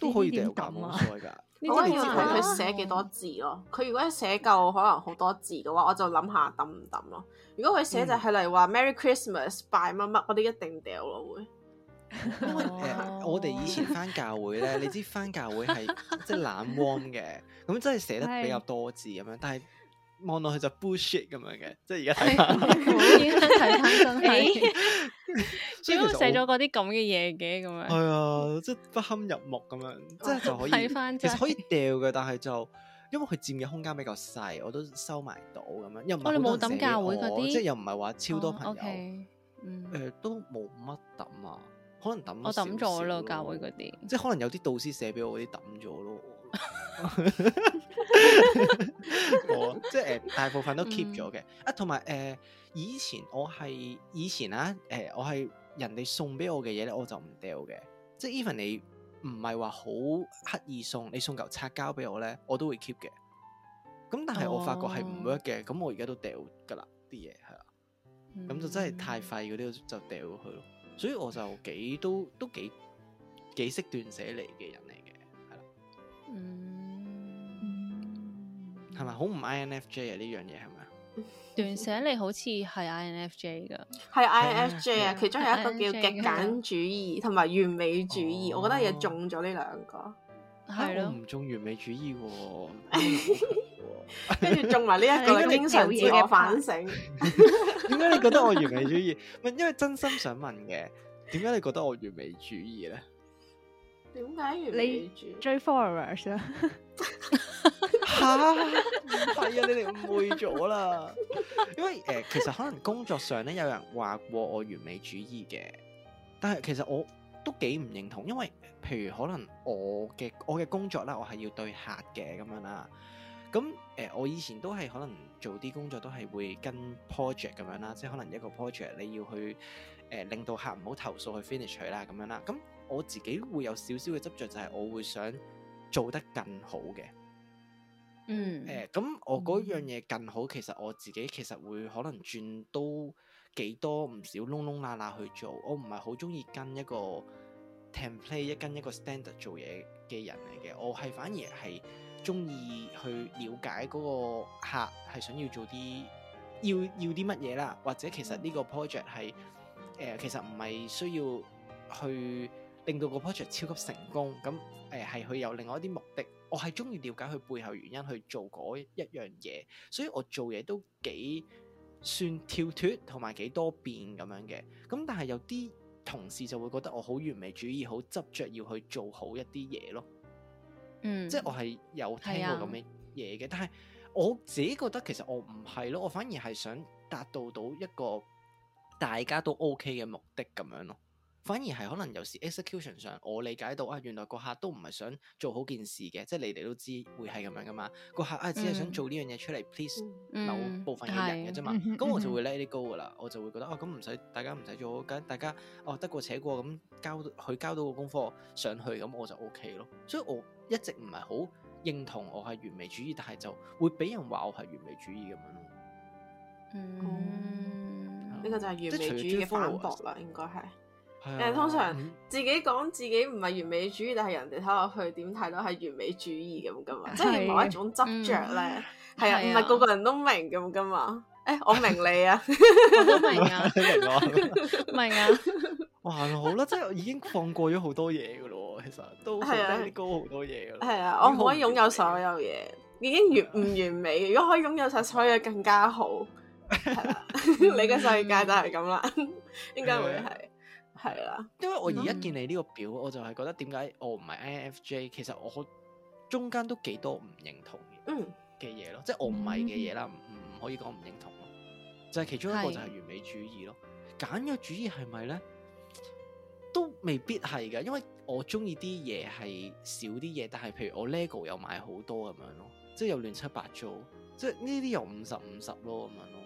都可以掉。咁㗎！我哋要睇佢寫幾多字咯，佢如果寫夠可能好多字嘅話，我就諗下抌唔抌咯。如果佢寫就係嚟話 Merry Christmas by 乜乜嗰啲，一定掉咯會。因為誒，我哋以前翻教會咧，你知翻教會係即係懶 warm 嘅，咁真係寫得比較多字咁樣，但係望落去就 bullshit 咁樣嘅，即係而家睇返，影響睇睇身體，點寫咗嗰啲咁嘅嘢嘅咁樣？係啊，即係不堪入目咁樣，即係就可以睇返其實可以掉嘅，但係就因為佢佔嘅空間比較細，我都收埋到咁樣，又唔係好。我哋冇抌教會嗰啲，即係又唔係話超多朋友，誒，都冇乜抌啊。可能抌我抌咗咯，教會嗰啲，即係可能有啲導師寫俾我嗰啲抌咗咯。我即係誒，大部分都 keep 咗嘅。啊，同埋誒，以前我係以前啊，誒，我係人哋送俾我嘅嘢咧，我就唔掉嘅。即係 even 你唔係話好刻意送，你送嚿擦膠俾我咧，我都會 keep 嘅。咁但係我發覺係唔 work 嘅，咁我而家都掉噶啦啲嘢係啊，咁就真係太廢嗰啲就掉去咯。所以我就幾都都幾幾識斷捨離嘅人嚟嘅，係啦，嗯，嗯，係咪好唔 INFJ 啊？呢樣嘢係咪？斷捨離好似係 INFJ 噶，係 INFJ 是啊，其中有一個叫極簡主義同埋完美主義，嗯、我覺得又中咗呢兩個，係咯的，唔、哎、中完美主義喎，啊。 跟住，仲埋呢一個經常自我反省。點解你覺得我完美主義？唔係，因為真心想問嘅，點解你覺得我完美主義咧？點解完美主義？追 followers 啦？吓，唔係啊！你哋誤會咗啦。因為誒，其實可能工作上咧，有人話過我完美主義嘅，但係其實我都幾唔認同。因為譬如可能我嘅我嘅工作啦，我係要對客嘅咁樣啦。咁誒，我以前都係可能做啲工作，都係會跟 project 咁樣啦，即係可能一個 project 你要去誒、呃、令到客唔好投訴去 finish 佢啦咁樣啦。咁我自己會有少少嘅執着，就係我會想做得更好嘅。嗯。誒、嗯，咁我嗰樣嘢更好，其實我自己其實會可能轉都幾多唔少窿窿罅罅去做。我唔係好中意跟一個 template 一跟一個 standard 做嘢嘅人嚟嘅。我係反而係，中意去了解嗰個客係想要做啲要要啲乜嘢啦，或者其實呢個 project 係誒，其實唔係需要去令到個 project 超級成功，咁誒係佢有另外一啲目的。我係中意了解佢背後原因去做嗰一,一樣嘢，所以我做嘢都幾算跳脫同埋幾多變咁樣嘅。咁但係有啲同事就會覺得我好完美主義，好執着要去做好一啲嘢咯。嗯、即係我係有聽過咁樣嘢嘅， 但係我自己覺得其實我唔係咯，我反而係想達到到一個大家都 OK 嘅目的咁樣咯。反而係可能有時 execution 上，我理解到啊，原來個客都唔係想做好件事嘅，即係你哋都知會係咁樣噶嘛。個客啊，只係想做呢樣嘢出嚟，please 某、嗯、部分嘅人嘅啫嘛。咁、嗯、我就會 let it go 噶啦， 我就會覺得哦，咁唔使大家唔使做好，咁大家哦得過且過咁交佢交到個功課上去，咁我就 OK 咯。所以我。一直唔係好認同我係、嗯嗯嗯完，啊、完美主義，但係就會俾人話我係完美主義咁樣咯。嗯，呢個就係完美主義嘅反駁啦，應該係。但係通常自己講自己唔係完美主義，但係人哋睇落去點睇都係完美主義咁噶嘛，即係某一種執着咧。係啊、嗯，唔係個個人都明咁噶嘛。誒、欸，我明你啊，我明啊，明啊，明啊，我都明啊，明啊。還好啦，即係已經放過咗好多嘢噶啦。都成低高好多嘢噶啦，係啊，我唔可以擁有所有嘢，已經完唔完美。 如果可以擁有晒所有，更加好。係啦， 你嘅世界就係咁啦， 應該會係係啦。因為我而家見你呢個表，我就係覺得點解我唔係 INFJ？其實我中間都幾多唔認同嘅嘢咯，嗯、即係我唔係嘅嘢啦，唔、嗯、可以講唔認同咯。就係、是、其中一個就係完美主義咯。簡約的對主義係咪咧？都未必係嘅，因為我中意啲嘢係少啲嘢，但係譬如我 LEGO 又買好多咁樣咯，即係又亂七八糟，即係呢啲又五十五十咯咁樣咯。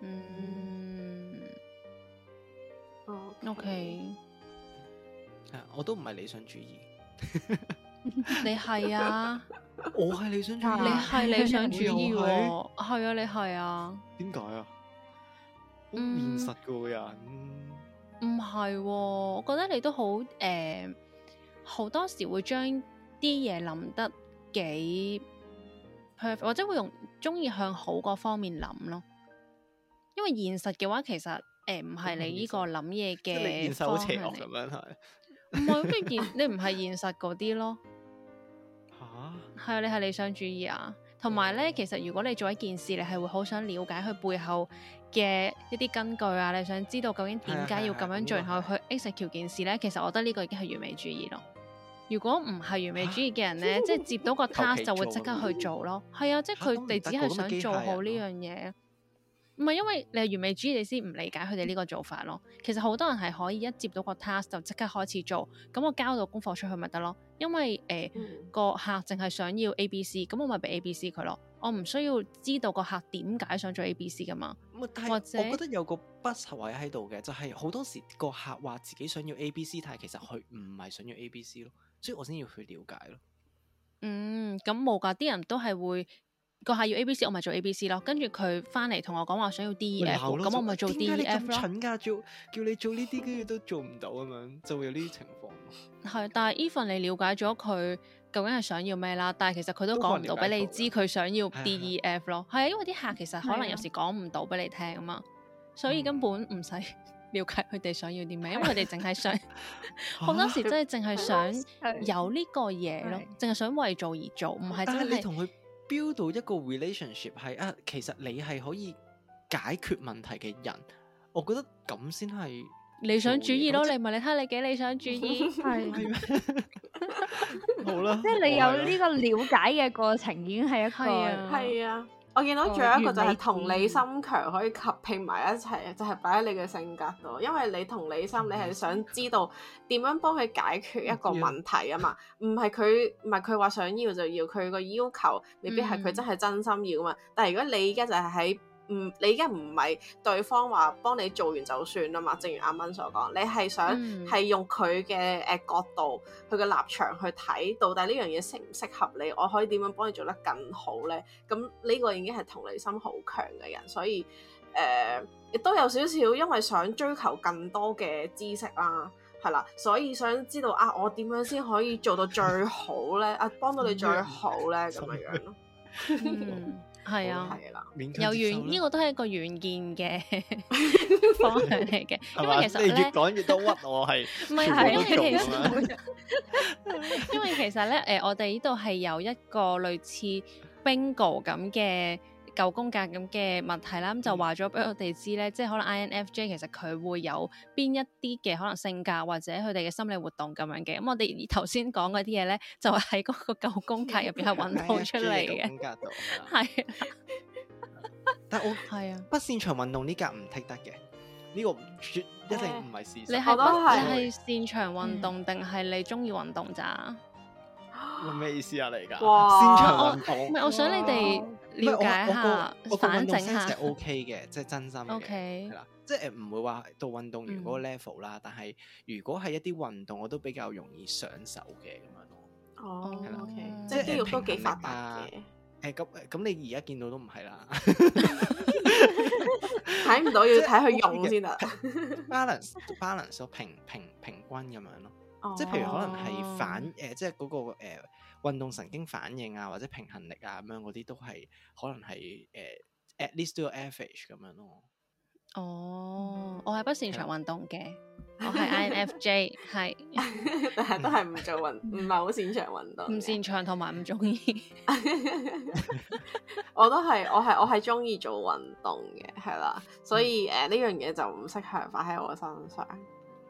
嗯。哦，okay。我都唔係理想主義。 你係啊。我係理想主義。你係理想主義喎。係 啊，你係啊。點解啊？好現實嘅人。嗯唔係、哦，我覺得你都好誒，好、呃、多時會將啲嘢諗得幾 perfect 或者會用中意向好個方面諗咯。因為現實嘅話，其實誒唔係你呢個諗嘢嘅現實好邪惡，咁樣係，唔係咁你現你唔係現實嗰啲咯。吓， 係啊，你係理想主義啊？同埋咧，其實如果你做一件事，你係會好想了解佢背後。嘅一啲根據啊，你想知道究竟點解、啊啊、要咁樣做，然後去 execute 件事咧？其實我覺得呢個已經係完美主義咯。如果唔係完美主義嘅人咧，啊、即係接到個 task 就會即刻去做咯。係 啊，即係佢哋只係想做好呢樣嘢。唔係因為你係完美主義，你先唔理解佢哋呢個做法咯。其實好多人係可以一接到個 task 就即刻開始做，咁我交到功課出去咪得咯。因為誒、呃嗯、個客淨係想要 A、B、C，咁我咪俾 A、B、C 佢咯。我唔需要知道個客點解想做 A、B、C 噶嘛。或者我覺得有個不實位喺度嘅，就係、是、好多時個客話自己想要 A、B、C，但係其實佢唔係想要 A、B、C 咯，所以我先要去了解咯。嗯，咁冇噶，啲人都係會。個客要 A B C，我咪做 A B C 咯。跟住佢翻嚟同我講話想要 D E F，咁喂我咪做 D E F 咯。點解你咁蠢噶、啊？做叫你做呢啲嘅嘢，都做唔到咁樣，就會有呢啲情況。係，但係 even 你了解咗佢究竟係想要咩啦？但係其實佢都講唔到俾你知佢想要 D E F 咯。係啊，因為啲客其實可能有時講唔到俾你聽啊嘛，所以根本唔使了解佢哋想要啲咩，因為佢哋淨係想好 多時真係淨係想有呢個嘢咯，淨係想為做而做，唔係真係。但係你同佢。build 到一個 relationship 係啊，其實你係可以解決問題嘅人，我覺得咁先係理想主義咯。你問你睇下你幾理想主義，係咪好啦。即係你有呢個了解嘅過程，已經係一個係啊。我見到仲有一個就係同理心強，可以合併埋一齊，就係擺喺你嘅性格度。因為你同理心，你係想知道點樣幫佢解決一個問題啊嘛，唔係佢唔係佢話想要就要，佢個要求未必係佢真係真心要啊嘛，但係如果你而家就係喺。唔，你而家唔係對方話幫你做完就算吖嘛。正如阿蚊所講，你係想係用佢嘅誒角度、佢嘅、嗯、立場去睇，到底呢樣嘢適唔適合你？我可以點樣幫你做得更好咧？咁呢個已經係同理心好強嘅人，所以誒亦、呃、都有少少，因為想追求更多嘅知識啦、啊，係啦，所以想知道啊，我點樣先可以做到最好咧？ 啊，幫到你最好咧，咁、 嗯、樣樣咯。 係、嗯、啊，有遠呢、呢個都係一個遠見嘅方向嚟嘅， 因為其實咧 越講越多屈我係，唔係係因為其實 因為其實咧，誒，我哋呢度係有一個類似 bingo 咁嘅。舊公格咁嘅問題啦，咁就話咗俾我哋知咧，即係可能 INFJ 其實佢會有邊一啲嘅可能性格或者佢哋嘅心理活動咁樣嘅。咁我哋頭先講嗰啲嘢咧，就係喺嗰個舊公格入邊係運動出嚟嘅。係，但係我係啊，不擅長運動呢格唔 tick 得嘅，呢個絕一定唔係事實。你係你係擅長運動定係你中意運動咋？咩意思啊你而家，擅長運動？唔係我想你哋。了解下，我我我運動 OK、反整下即 OK 嘅，即係真心嘅，係啦，即係唔會話到運動員嗰個 level 啦。嗯、但係如果係一啲運動，我都比較容易上手嘅咁樣咯。哦、oh, okay. 啊，係啦，OK，即係肌肉都幾發達嘅。誒咁咁，你而家見到都唔係啦，睇 唔 到要睇佢用先得、啊。Balance，balance， 平平平均咁樣咯。Oh. 即係譬如可能係反誒、呃，即係、那、嗰個、呃運動神經反應啊，或者平衡力啊，咁樣嗰啲都係可能係誒 at least do average 咁樣咯。哦、oh,， 我係 不擅 長運動嘅，我係 INFJ 係，但係都係唔做運，唔係好擅長運動，唔擅長同埋唔中意。我都係，我係我係中意做運動嘅，係啦，所以誒呢樣嘢就唔適合擺喺我身上。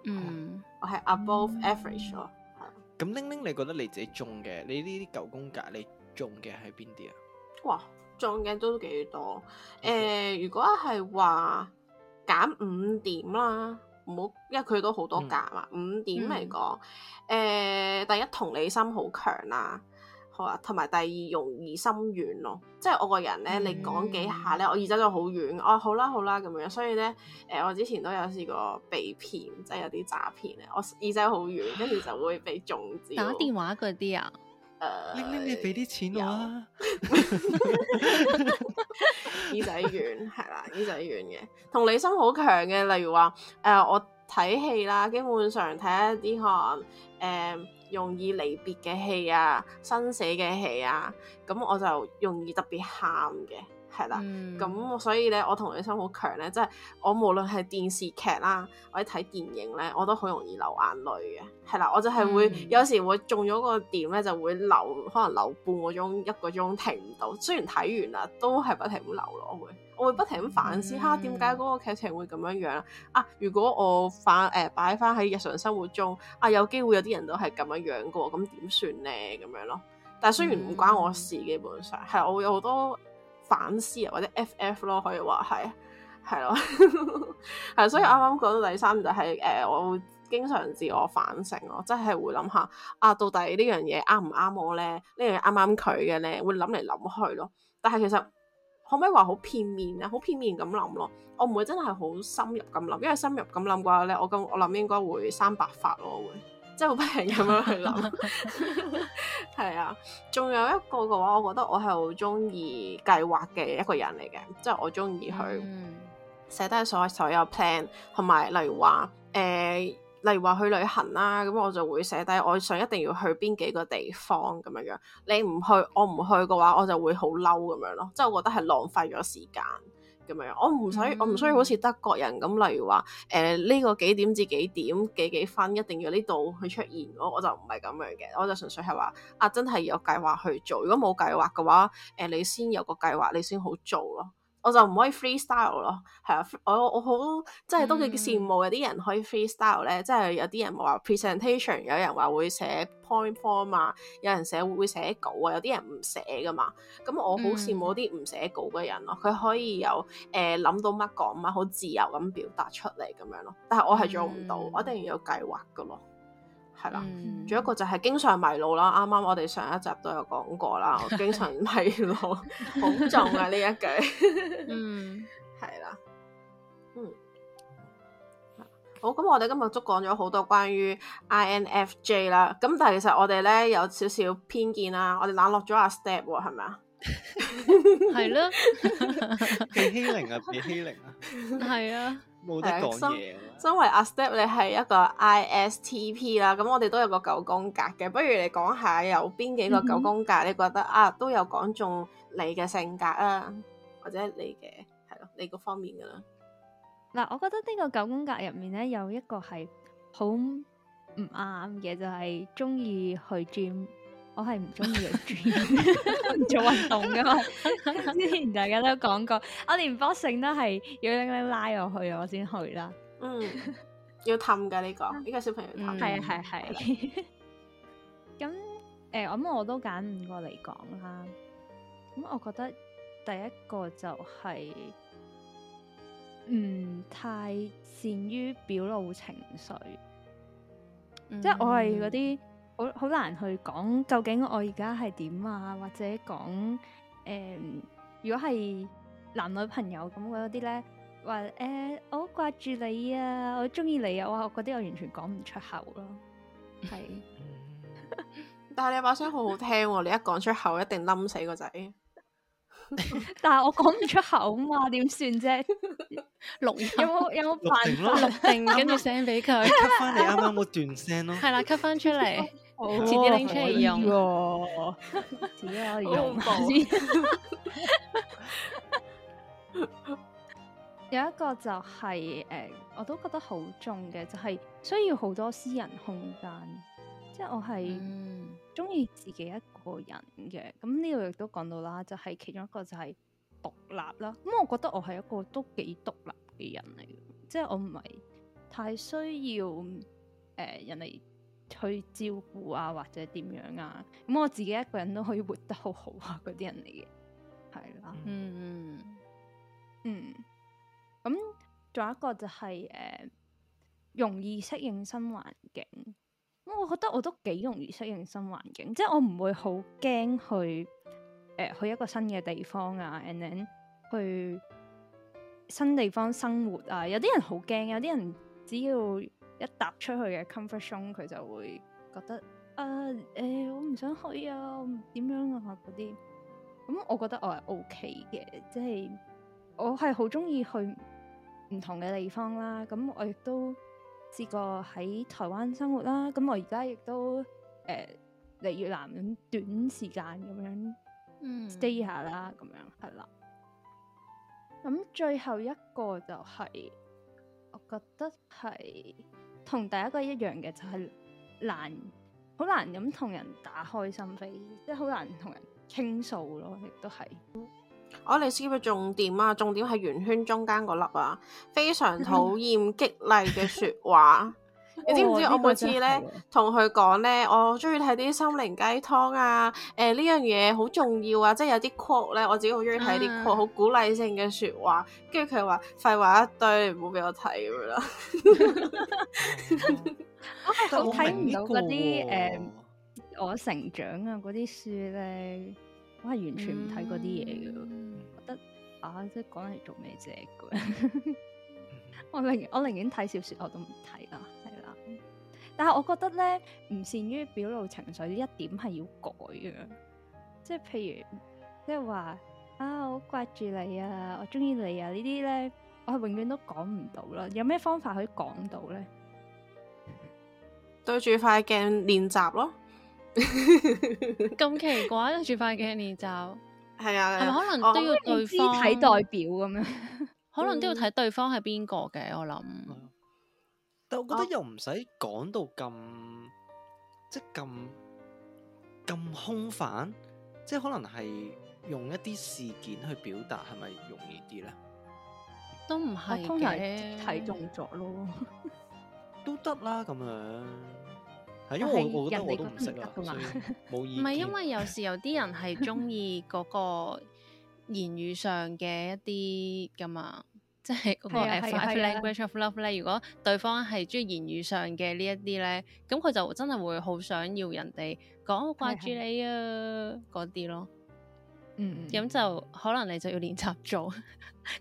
嗯，我係 above average 咯。咁玲玲，鈴鈴你覺得你自己中嘅，你呢啲九宮格你中嘅係邊啲啊？哇，中嘅都幾多？誒 Okay.、呃，如果係話減五點啦，唔好，因為佢都好多㗎嘛。嗯、五點嚟講，誒、嗯呃，第一同理心好強啦、啊。同埋、啊、第二容易心軟咯，即係我個人咧，嗯、你講幾下咧，我耳仔就好軟。哦、嗯啊，好啦好啦咁樣，所以咧，誒、呃、我之前都有試過被騙，即係有啲詐騙咧，我耳仔好軟，跟住 就會被中招打電話嗰啲啊，誒、呃，你俾啲錢我啦，耳仔軟係啦，耳仔軟嘅同理心好強嘅，例如話誒、呃、我睇戲啦，基本上睇一啲可能誒。嗯容易離別嘅戲啊，生死嘅戲啊，咁我就容易特別喊嘅。係啦，咁所以咧，我同理心好強咧，即係我無論係電視劇啦，或者睇電影咧，我都好容易流眼淚嘅。係啦，我就係會、嗯、有時會中咗個點咧，就會流，可能流半個鐘、一個鐘停唔到。雖然睇完啦，都係不停咁流落去，我會不停咁反思，下點解嗰個劇情會咁樣樣啊？如果我翻、誒擺翻喺日常生活中啊，有機會有啲人都係咁樣樣噶，咁點算咧？咁樣咯，但係雖然唔關我事，基本上係我會有好多。反思啊，或者 FF 咯，可以話係係咯，係 所以啱啱講到第三就係、是、誒、呃，我會經常自我反省咯，即係會諗下啊，到底合合呢樣嘢啱唔啱我咧？呢樣嘢啱唔啱佢嘅咧？會諗嚟諗去咯。但係其實可唔可以話好片面咧？好片面咁諗咯，我唔會真係好深入咁諗，因為深入咁諗嘅話咧，我咁我諗應該會生白髮咯會。即係不停咁樣去諗，係啊。仲有一個嘅話，我覺得我係好中意計劃嘅一個人嚟嘅，即係我中意去寫低所所有 plan，同埋例如話誒、呃，例如話去旅行啦、啊。咁我就會寫低我想一定要去邊幾個地方咁樣樣。你唔去我唔去嘅話，我就會好嬲咁樣咯。即係我覺得係浪費咗時間。咁樣，我唔使，我唔需要好似德國人咁，例如話，誒呢個幾點至幾點幾幾分一定要呢度去出現咯，我我就唔係咁樣嘅，我就純粹係話，啊真係有計劃去做，如果冇計劃嘅話，誒你先有個計劃，你先好做咯。我就唔可以 freestyle 咯，係啊，我我好即係都幾羨慕有啲人可以 freestyle 咧，嗯、即係有啲人話 presentation，有人話會寫 point form 啊，有人寫會會寫稿啊，有啲人唔寫噶嘛，咁我好羨慕啲唔寫稿嘅人咯，佢可以有誒諗、呃、到乜講乜，好自由咁表達出嚟咁樣咯，但係我係做唔到，嗯、我一定要計劃噶咯。係啦，仲有一個就係經常迷路啦。啱啱我哋上一集都有講過啦，我經常迷路，好 重啊呢一句。嗯，係啦，嗯，好。咁我哋今日都講咗好多關於 INFJ 啦。咁但係其實我哋咧有少少偏見啦，我哋冷落咗阿 Step 係咪啊？係咯，幾欺凌啊，幾欺凌啊，係啊。對身，身為阿 Step 你係一個 ISTP 啦，咁、嗯、我哋都有個九宮格嘅，不如你講下有邊幾個九宮格，你覺得、嗯、哼啊都有講中你嘅性格啊，嗯、或者你嘅係咯，你嗰方面嘅啦。嗱、啊，我覺得個呢個九宮格入面咧有一個係好唔啱嘅，就係中意去 gym。我係唔中意做運動噶嘛？ 之前大家都講過， 我連 boxing 都係要拎拎拉我去，我先去啦。嗯， 要氹噶呢個呢、這個小朋友，係、嗯、啊係係。咁誒、啊，咁、啊 呃、我,我都揀五個嚟講啦。咁我覺得第一個就係唔太善於表露情緒，即係我係嗰啲。 好好難去講，究竟我而家係點啊？或者講誒、嗯，如果係男女朋友咁嗰啲咧，話誒、欸、我好掛住你啊，我中意你啊，哇！我覺得我完全講唔出口咯。係， 但係你把聲好好聽、哦，你一講出口一定冧死個仔。 但係我講唔出口嘛，點算啫？錄音，有冇有冇辦法？錄定剛跟住聲俾佢，吸翻你啱啱冇段聲咯。係 啦，吸翻出嚟。只點樣可以用個？只可以用 有一個就係、是、誒、呃，我都覺得好重嘅，就係、是、需要好多私人空間。即係我係，嗯，中意自己一個人嘅。咁呢度亦都講到啦，就係、是、其中一個就係獨立啦。咁我覺得我係一個都幾獨立嘅人嚟嘅，即係我唔係太需要誒、呃、人哋。去照顧啊，或者點樣啊？咁、嗯、我自己一個人都可以活得好好啊，嗰啲人嚟嘅，係啦，嗯嗯嗯。咁仲、嗯嗯嗯嗯、有一個就係、是、誒、呃、容易適應新環境。嗯、我覺得我都幾容易適應新環境，即、就、係、是、我唔會好驚去誒、呃、去一個新嘅地方啊，and then 去新地方生活啊。有啲人好驚，有啲人只要。一踏出去嘅 comfort zone，佢就會覺得啊，誒、欸，我唔想去啊，點樣啊嗰啲咁，我覺得我係 O K 嘅，即係我係好中意去唔同嘅地方啦。咁我亦都試過喺台灣生活啦。咁我而家亦都誒嚟、欸、越南咁短時間咁樣 stay、嗯、下啦，咁樣係啦。咁最後一個就係、是、我覺得係同第一個一樣嘅就係難，好難咁同人打開心扉，即係好難同人傾訴咯，亦都係。我哋 skip 咗重點啊，重點係圓圈中間嗰粒啊，非常討厭激勵嘅說話。 你知唔知？我每次咧同佢講咧，哦，這個，呢我中意睇啲心靈雞湯啊。誒、呃，呢樣嘢好重要啊！即係有啲 quote 咧，我自己好中意睇啲 quote 好鼓勵性嘅說話。跟住佢話，廢話一堆，唔好俾我睇咁樣啦。我係好睇唔到嗰啲誒，我成長啊嗰啲書咧，我係完全唔睇嗰啲嘢嘅。覺得，嗯嗯、啊，即係講嚟做咩啫？我寧我寧願睇小說，我都唔睇啊。但係我覺得咧，唔善於表露情緒呢一點係要改嘅，即係譬如即係話啊，我好掛住你啊，我中意你啊呢啲咧，我係永遠都講唔到啦。有咩方法可以講到咧？對住塊鏡練習咯，咁 奇怪對住塊鏡練習，係啊，係咪可能都要對方睇代表咁樣，可能都要睇對方係邊個嘅，我諗。但我覺得又唔使講到咁，啊，即係咁咁空泛，即係可能係用一啲事件去表達，係咪容易啲咧？都唔係嘅，睇動作咯， 都得啦咁樣。係 因為我我覺得我都唔識得噶嘛，冇意義。唔係因為有時有啲人係中意嗰個言語上嘅一啲噶嘛即係嗰個 five language of love 咧，啊、如果對方係中意言語上嘅呢一啲咧，咁佢就真係會好想要人哋講掛住你啊嗰啲是咯。嗯，嗯，咁就可能你就要練習做，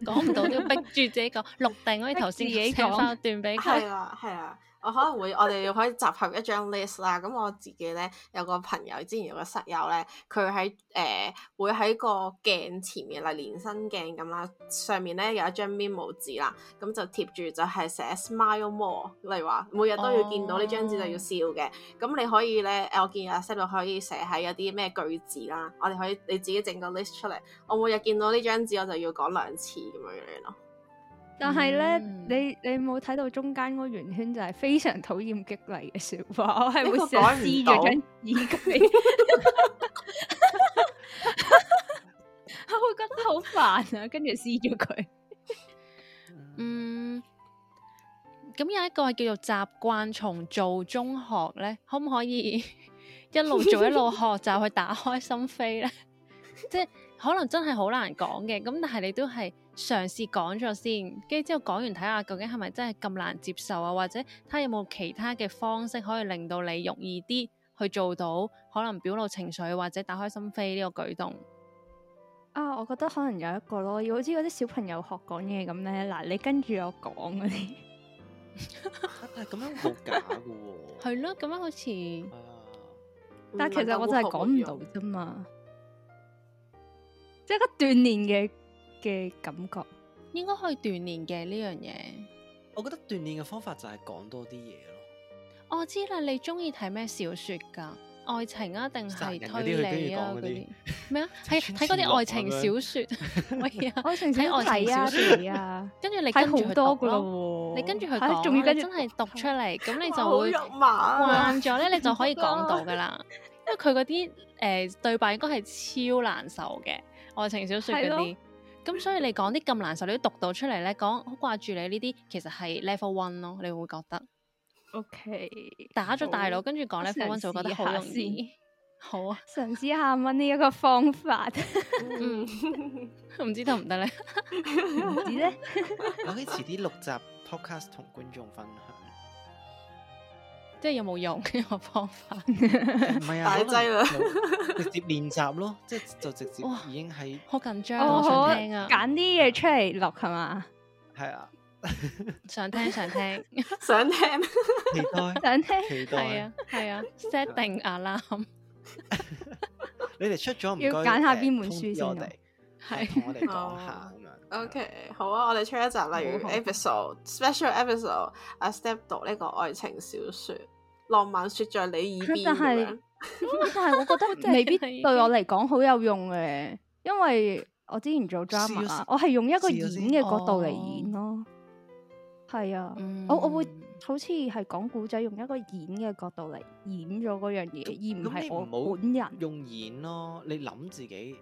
講 唔到都要逼住自己講 錄定。我頭先講翻段俾佢。係啊，係啊。 我可能會，我哋可以集合一張 list 啦。咁我自己咧有個朋友，之前有個室友咧，佢喺誒會喺個鏡前面，例如連身鏡咁啦，上面咧有一張 memo 紙啦，咁就貼住就係寫 smile more。例如話，每日都要見到呢張紙就要笑嘅。咁、oh. 你可以咧，誒我見阿 set 可以寫喺一啲咩句子啦。我哋可以你自己整個 list 出嚟。我每日見到呢張紙我就要講兩次咁樣樣咯。但係咧、嗯，你你冇睇到中間嗰個圓圈就係非常討厭激勵嘅說話，我係會撕咗張紙佢， 我會覺得好煩啊，跟住撕咗佢。 嗯，咁有一個係叫做習慣從做中學咧，可唔可以 一路做一路學習去打開心扉咧？ 即係可能真係好難講嘅，咁但係你都係。嘗試講咗先，跟住之後講完睇下，究竟係咪真係咁難接受啊？或者，睇下有冇其他嘅方式可以令到你容易啲去做到？可能表露情緒或者打開心扉呢個舉動啊！我覺得可能有一個咯，要好似嗰啲小朋友學講嘢咁咧。嗱，你跟住我講嗰啲，但係咁樣好假㗎喎。係咯、啊，咁樣好似，但係其實我真係講唔到啫嘛，即係一個鍛鍊嘅。嘅感覺應該可以鍛鍊嘅呢樣嘢，我覺得鍛鍊嘅方法就係講多啲嘢咯。我知啦，你中意睇咩小說噶？愛情啊，定係推理啊？嗰啲咩啊？睇睇嗰啲愛情小說，愛情，睇愛情小說啊，跟住你跟好多讀咯，你跟住佢講，仲要真係讀出嚟，咁你就會慣咗咧，你就可以講到噶啦。因為佢嗰啲誒對白應該係超難受嘅愛情小說嗰啲。咁、嗯、所以你講啲咁難受，你都讀到出嚟咧，講好掛住你呢啲，其實係 level one 咯，你會覺得。OK 打。打咗大腦跟住講 level one 就覺得好容易。好啊，嘗試下問呢一個方法。 嗯，唔、嗯、 知得唔得咧？唔知咧。我可以遲啲六集 podcast 同觀眾分享。即係有冇用呢個方法？唔係啊，大劑啦，直接練習咯，即係就直接已經係好緊張，好想聽啊，揀啲嘢出嚟錄，係嘛？係啊，想聽想聽想聽，期待想聽期待啊，係啊，set 定 alarm。你哋出咗唔該揀下邊本書先啊？係，我哋講下。O K，好啊，我哋出一集，例如 episode special episode，阿 Step 讀呢個愛情小說，浪漫說在你耳邊，但係但係我覺得即係未必對我嚟講好有用嘅，因為我之前做 drama 我係用一個演嘅角度嚟演咯，係啊，我我會好似係講古仔，用一個演嘅角度嚟演咗嗰樣嘢，而唔係我本人用演咯，你諗自己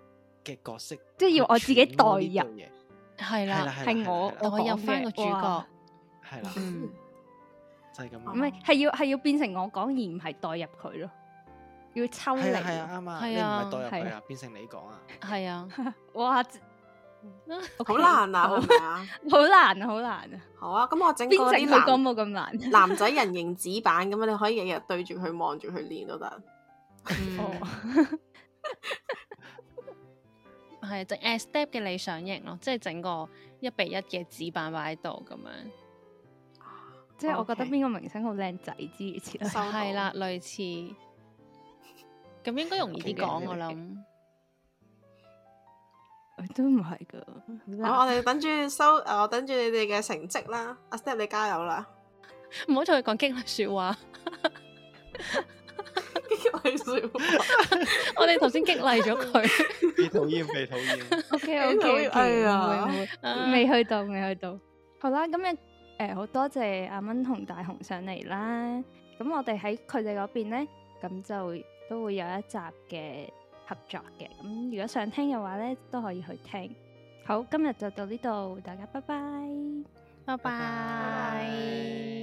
嘅角色，即係要我自己代入。係啦，係我我有翻個主角，係啦，就係咁。唔係係要係要變成我講而唔係代入佢咯，要抽離，係啊啱啊，你唔係代入佢啊，變成你講啊，係啊，哇，好難啊，好難，好難啊，好難啊，好啊。咁我整嗰啲男冇咁難，男仔人形紙板咁啊，你可以日日對住佢望住佢練都得。係，就阿 Step 嘅理想型咯，即係整個一比一嘅紙板擺喺度咁樣，Okay. 即係我覺得邊個明星好靚仔之類似，係啦類似，咁應該容易啲講 Okay, 我諗想，都唔係噶，我哋等住收，我等住你哋嘅成績啦，阿 Step 你加油啦，唔好同佢講激話說話。 愛笑，我哋頭先激勵咗佢，未討厭，未討厭。O K O K，係啊，未去到，未去到。好啦，咁樣誒，好多謝阿蚊同大雄上嚟啦。咁我哋喺佢哋嗰邊咧，咁就都會有一集嘅合作嘅。咁如果想聽嘅話咧，都可以去聽。好，今日就到呢度，大家拜拜，拜拜。